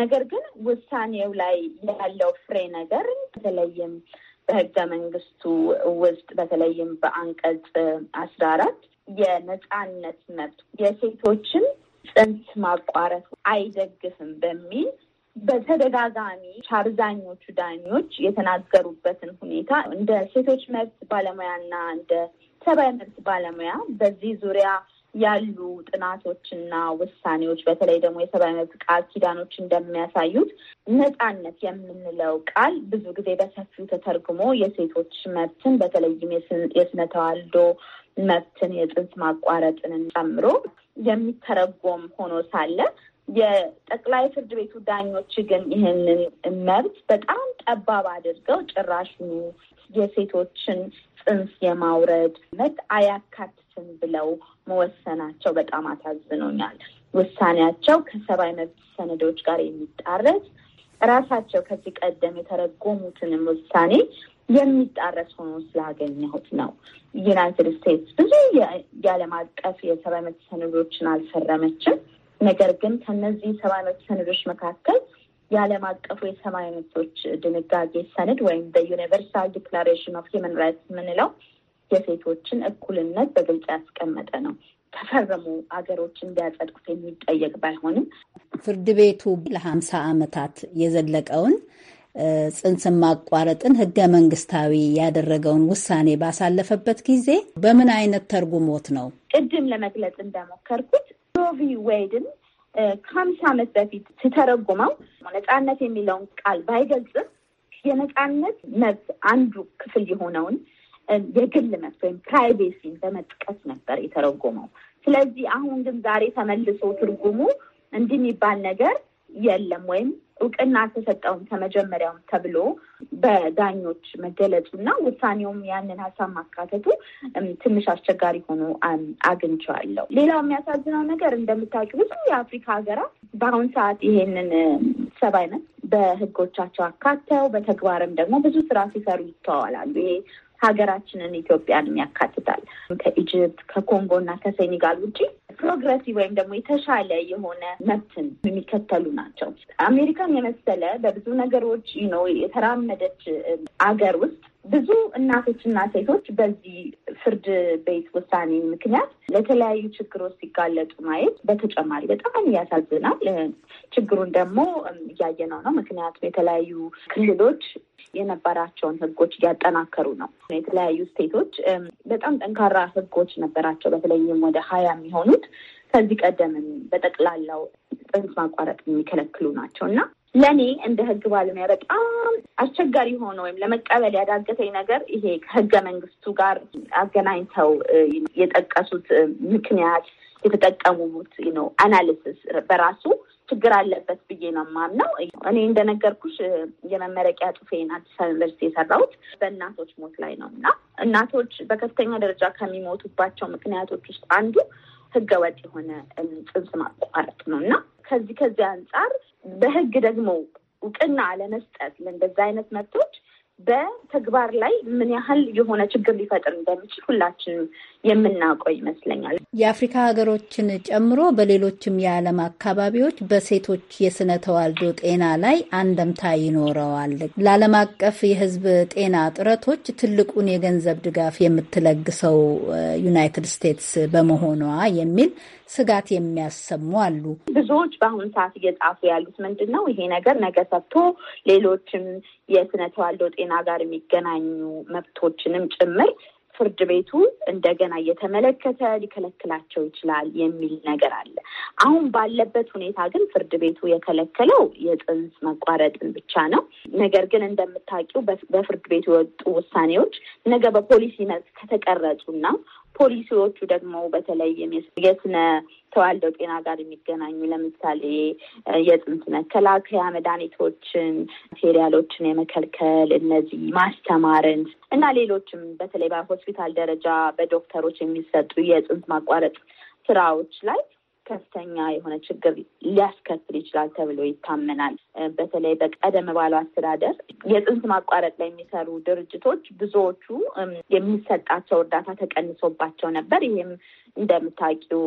ነገር ግን ውሳኔው ላይ ያለው ፍሬ ነገር በተለይም በህገ መንግስቱ ውስጥ በተለይም በአንቀጽ አስራ አራት የነጻነት መብት የሴቶችን ጽንስ ማቋረጥ አይደግፍም በሚል በተደጋጋሚ አብዛኞቹ ዳኞች የተናገሩበትን ሁኔታ እንደ ሴቶች መብት ባለሙያና እንደ ሰብአዊ መብት ባለሙያ በዚህ ዙሪያ ያሉ ጥናቶችና ውሳኔዎች በተለይ ደግሞ የሰብአዊ መብት ቃል ኪዳኖች እንደሚያሳዩት ነጻነት የምንለው ቃል ብዙ ጊዜ በሰፊው ተተርጉሞ የሴቶች መብትን በተለይም የስነ ተዋልዶ መብትን የጽንስ ማቋረጥንን ጨምሮ የሚተረጎም ሆኖ ሳለ የጠቅላይ ፍርድ ቤቱ ዳኞች ግን ይህንን መብት በጣም ጠባብ አድርገው ጭራሹ የሴቶችን ጽንስ የማውረድ መብት አያካትትም ብለው መወሰናቸው በጣም አሳዝኖኛል። ውሳኔያቸው ከሰብአዊ መብት ሰነዶች ጋር የሚጣረስ ራሳቸው ከዚህ ቀደም የተረጎሙትንም ውሳኔ የሚጣረስ ሆኖ ስላገኘሁት ነው። ዩናይትድ ስቴትስ ብዙ የዓለም አቀፍ የሰብአዊ መብት ሰነዶችን አልፈረመችም። ነገር ግን ከነዚህ ሰብአዊ መብት ሰነዶች መካከል የዓለም አቀፉ የሰብአዊ መብቶች ድንጋጌ ሰነድ ወይም በዩኒቨርሳል ዲክላሬሽን ኦፍ ሂውመን ራይትስ የምንለው የሴቶችን እኩልነት በግልጽ ያስቀመጠ ነው። ተፈርሙ አገሮች እንዲያጸድቁት የሚጠየቅ ባይሆንም ፍርድ ቤቱ ለሀምሳ ዓመታት የዘለቀውን ጽንስ ማቋረጥን ህገ መንግስታዊ ያደረገውን ውሳኔ ባሳለፈበት ጊዜ በምን አይነት ተርጉሞት ነው? ቅድም ለመግለጽ እንደሞከርኩት ሮቪ ቪ ከሀምሳ ዓመት በፊት ስተረጉመው ነፃነት የሚለውን ቃል ባይገልጽም የነፃነት መብት አንዱ ክፍል የሆነውን የግል መብት ወይም ፕራይቬሲን በመጥቀስ ነበር የተረጎመው። ስለዚህ አሁን ግን ዛሬ ተመልሶ ትርጉሙ እንዲህ የሚባል ነገር የለም ወይም እውቅና አልተሰጠውም ከመጀመሪያውም ተብሎ በዳኞች መገለጹ እና ውሳኔውም ያንን ሀሳብ ማካተቱ ትንሽ አስቸጋሪ ሆኖ አግኝቼዋለሁ። ሌላው የሚያሳዝነው ነገር እንደምታውቂው ብዙ የአፍሪካ ሀገራት በአሁኑ ሰዓት ይሄንን ሰብአዊ በህጎቻቸው አካተው በተግባርም ደግሞ ብዙ ስራ ሲሰሩ ይተዋላሉ። ይሄ ሀገራችንን ኢትዮጵያንም ያካትታል። ከኢጅፕት ከኮንጎ እና ከሴኔጋል ውጪ ፕሮግረሲቭ ወይም ደግሞ የተሻለ የሆነ መብትን የሚከተሉ ናቸው። አሜሪካን የመሰለ በብዙ ነገሮች ነው የተራመደች አገር ውስጥ ብዙ እናቶችና ሴቶች በዚህ ፍርድ ቤት ውሳኔ ምክንያት ለተለያዩ ችግሮች ሲጋለጡ ማየት በተጨማሪ በጣም ያሳዝናል። ችግሩን ደግሞ እያየነው ነው። ምክንያቱም የተለያዩ ክልሎች የነበራቸውን ሕጎች እያጠናከሩ ነው። የተለያዩ ስቴቶች በጣም ጠንካራ ሕጎች ነበራቸው። በተለይም ወደ ሀያ የሚሆኑት ከዚህ ቀደምም በጠቅላላው ጽንስ ማቋረጥ የሚከለክሉ ናቸው እና ለእኔ እንደ ህግ ባለሙያ በጣም አስቸጋሪ ሆነ ወይም ለመቀበል ያዳገተኝ ነገር ይሄ ከህገ መንግስቱ ጋር አገናኝተው የጠቀሱት ምክንያት የተጠቀሙት ነው አናሊሲስ በራሱ ችግር አለበት ብዬ ነው የማምነው። እኔ እንደነገርኩሽ የመመረቂያ ጽሑፌን አዲስ አበባ ዩኒቨርሲቲ የሰራሁት በእናቶች ሞት ላይ ነው እና እናቶች በከፍተኛ ደረጃ ከሚሞቱባቸው ምክንያቶች ውስጥ አንዱ ህገወጥ የሆነ ጽንስ ማቋረጥ ነው እና ከዚህ ከዚህ አንጻር በህግ ደግሞ እውቅና አለመስጠት ለእንደዚህ አይነት መብቶች በተግባር ላይ ምን ያህል የሆነ ችግር ሊፈጥር እንደሚችል ሁላችንም የምናውቀው ይመስለኛል። የአፍሪካ ሀገሮችን ጨምሮ በሌሎችም የዓለም አካባቢዎች በሴቶች የስነ ተዋልዶ ጤና ላይ አንደምታ ይኖረዋል። ለዓለም አቀፍ የህዝብ ጤና ጥረቶች ትልቁን የገንዘብ ድጋፍ የምትለግሰው ዩናይትድ ስቴትስ በመሆኗ የሚል ስጋት የሚያሰሙ አሉ። ብዙዎች በአሁኑ ሰዓት እየጻፉ ያሉት ምንድን ነው? ይሄ ነገር ነገ ሰብቶ ሌሎችም የስነ ተዋልዶ ጤና ጋር የሚገናኙ መብቶችንም ጭምር ፍርድ ቤቱ እንደገና እየተመለከተ ሊከለክላቸው ይችላል የሚል ነገር አለ። አሁን ባለበት ሁኔታ ግን ፍርድ ቤቱ የከለከለው የጽንስ መቋረጥን ብቻ ነው። ነገር ግን እንደምታውቂው በፍርድ ቤቱ የወጡ ውሳኔዎች ነገ በፖሊሲ መልክ ከተቀረጹና ፖሊሲዎቹ ደግሞ በተለይም የስነ ተዋልዶ ጤና ጋር የሚገናኙ ለምሳሌ የጽንስ መከላከያ መድኃኒቶችን፣ ሴሪያሎችን የመከልከል እነዚህ ማስተማርን እና ሌሎችም በተለይ በሆስፒታል ደረጃ በዶክተሮች የሚሰጡ የጽንስ ማቋረጥ ስራዎች ላይ ከፍተኛ የሆነ ችግር ሊያስከትል ይችላል ተብሎ ይታመናል። በተለይ በቀደም ባለው አስተዳደር የጽንስ ማቋረጥ ላይ የሚሰሩ ድርጅቶች ብዙዎቹ የሚሰጣቸው እርዳታ ተቀንሶባቸው ነበር። ይህም እንደምታውቂው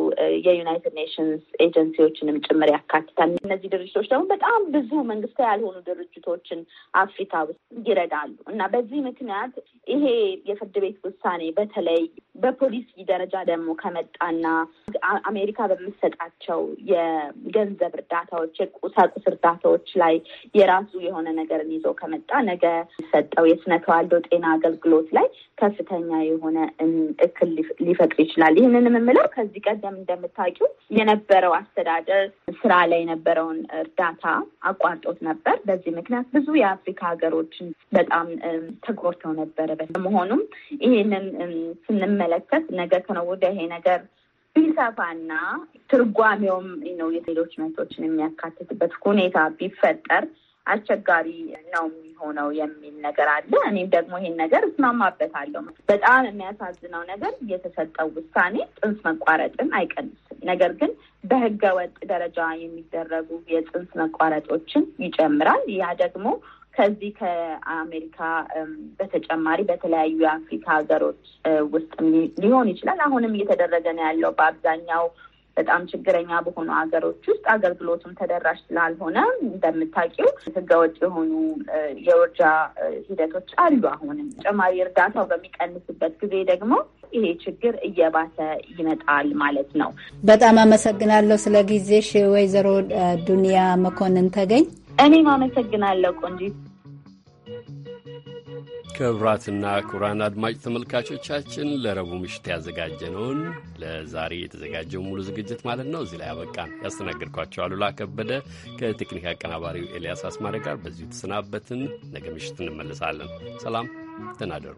የዩናይትድ ኔሽንስ ኤጀንሲዎችንም ጭምር ያካትታል። እነዚህ ድርጅቶች ደግሞ በጣም ብዙ መንግስታዊ ያልሆኑ ድርጅቶችን አፍሪካ ውስጥ ይረዳሉ እና በዚህ ምክንያት ይሄ የፍርድ ቤት ውሳኔ በተለይ በፖሊሲ ደረጃ ደግሞ ከመጣና አሜሪካ በምሰጣቸው የገንዘብ እርዳታዎች፣ የቁሳቁስ እርዳታዎች ላይ የራሱ የሆነ ነገርን ይዞ ከመጣ ነገ ሰጠው የስነ ተዋልዶ ጤና አገልግሎት ላይ ከፍተኛ የሆነ እክል ሊፈጥር ይችላል። ይህንንም የምምለው ከዚህ ቀደም እንደምታውቂው የነበረው አስተዳደር ስራ ላይ የነበረውን እርዳታ አቋርጦት ነበር። በዚህ ምክንያት ብዙ የአፍሪካ ሀገሮችን በጣም ተጎድተው ነበረ። በመሆኑም ይህንን ስንመለከት ነገ ከነገ ወዲያ ይሄ ነገር ቢሰፋና ትርጓሜውም ነው የሌሎች መብቶችን የሚያካትትበት ሁኔታ ቢፈጠር አስቸጋሪ ነው የሚሆነው የሚል ነገር አለ። እኔም ደግሞ ይሄን ነገር እስማማበታለሁ። በጣም የሚያሳዝነው ነገር የተሰጠው ውሳኔ ጽንስ መቋረጥን አይቀንስም፣ ነገር ግን በህገ ወጥ ደረጃ የሚደረጉ የጽንስ መቋረጦችን ይጨምራል። ያ ደግሞ ከዚህ ከአሜሪካ በተጨማሪ በተለያዩ የአፍሪካ ሀገሮች ውስጥ ሊሆን ይችላል። አሁንም እየተደረገ ነው ያለው በአብዛኛው በጣም ችግረኛ በሆኑ ሀገሮች ውስጥ አገልግሎቱም ተደራሽ ስላልሆነ እንደምታውቂው ህገወጥ የሆኑ የውርጃ ሂደቶች አሉ። አሁንም ተጨማሪ እርዳታው በሚቀንስበት ጊዜ ደግሞ ይሄ ችግር እየባሰ ይመጣል ማለት ነው። በጣም አመሰግናለሁ ስለ ጊዜሽ ወይዘሮ ዱንያ መኮንን ተገኝ። እኔም አመሰግናለሁ ቆንጂት። ክቡራትና ክቡራን አድማጭ ተመልካቾቻችን ለረቡዕ ምሽት ያዘጋጀነውን ለዛሬ የተዘጋጀው ሙሉ ዝግጅት ማለት ነው እዚህ ላይ አበቃን። ያስተናገድኳቸው አሉላ ከበደ ከቴክኒክ አቀናባሪው ኤልያስ አስማረ ጋር በዚሁ ተሰናበትን። ነገ ምሽት እንመለሳለን። ሰላም ተናደሩ።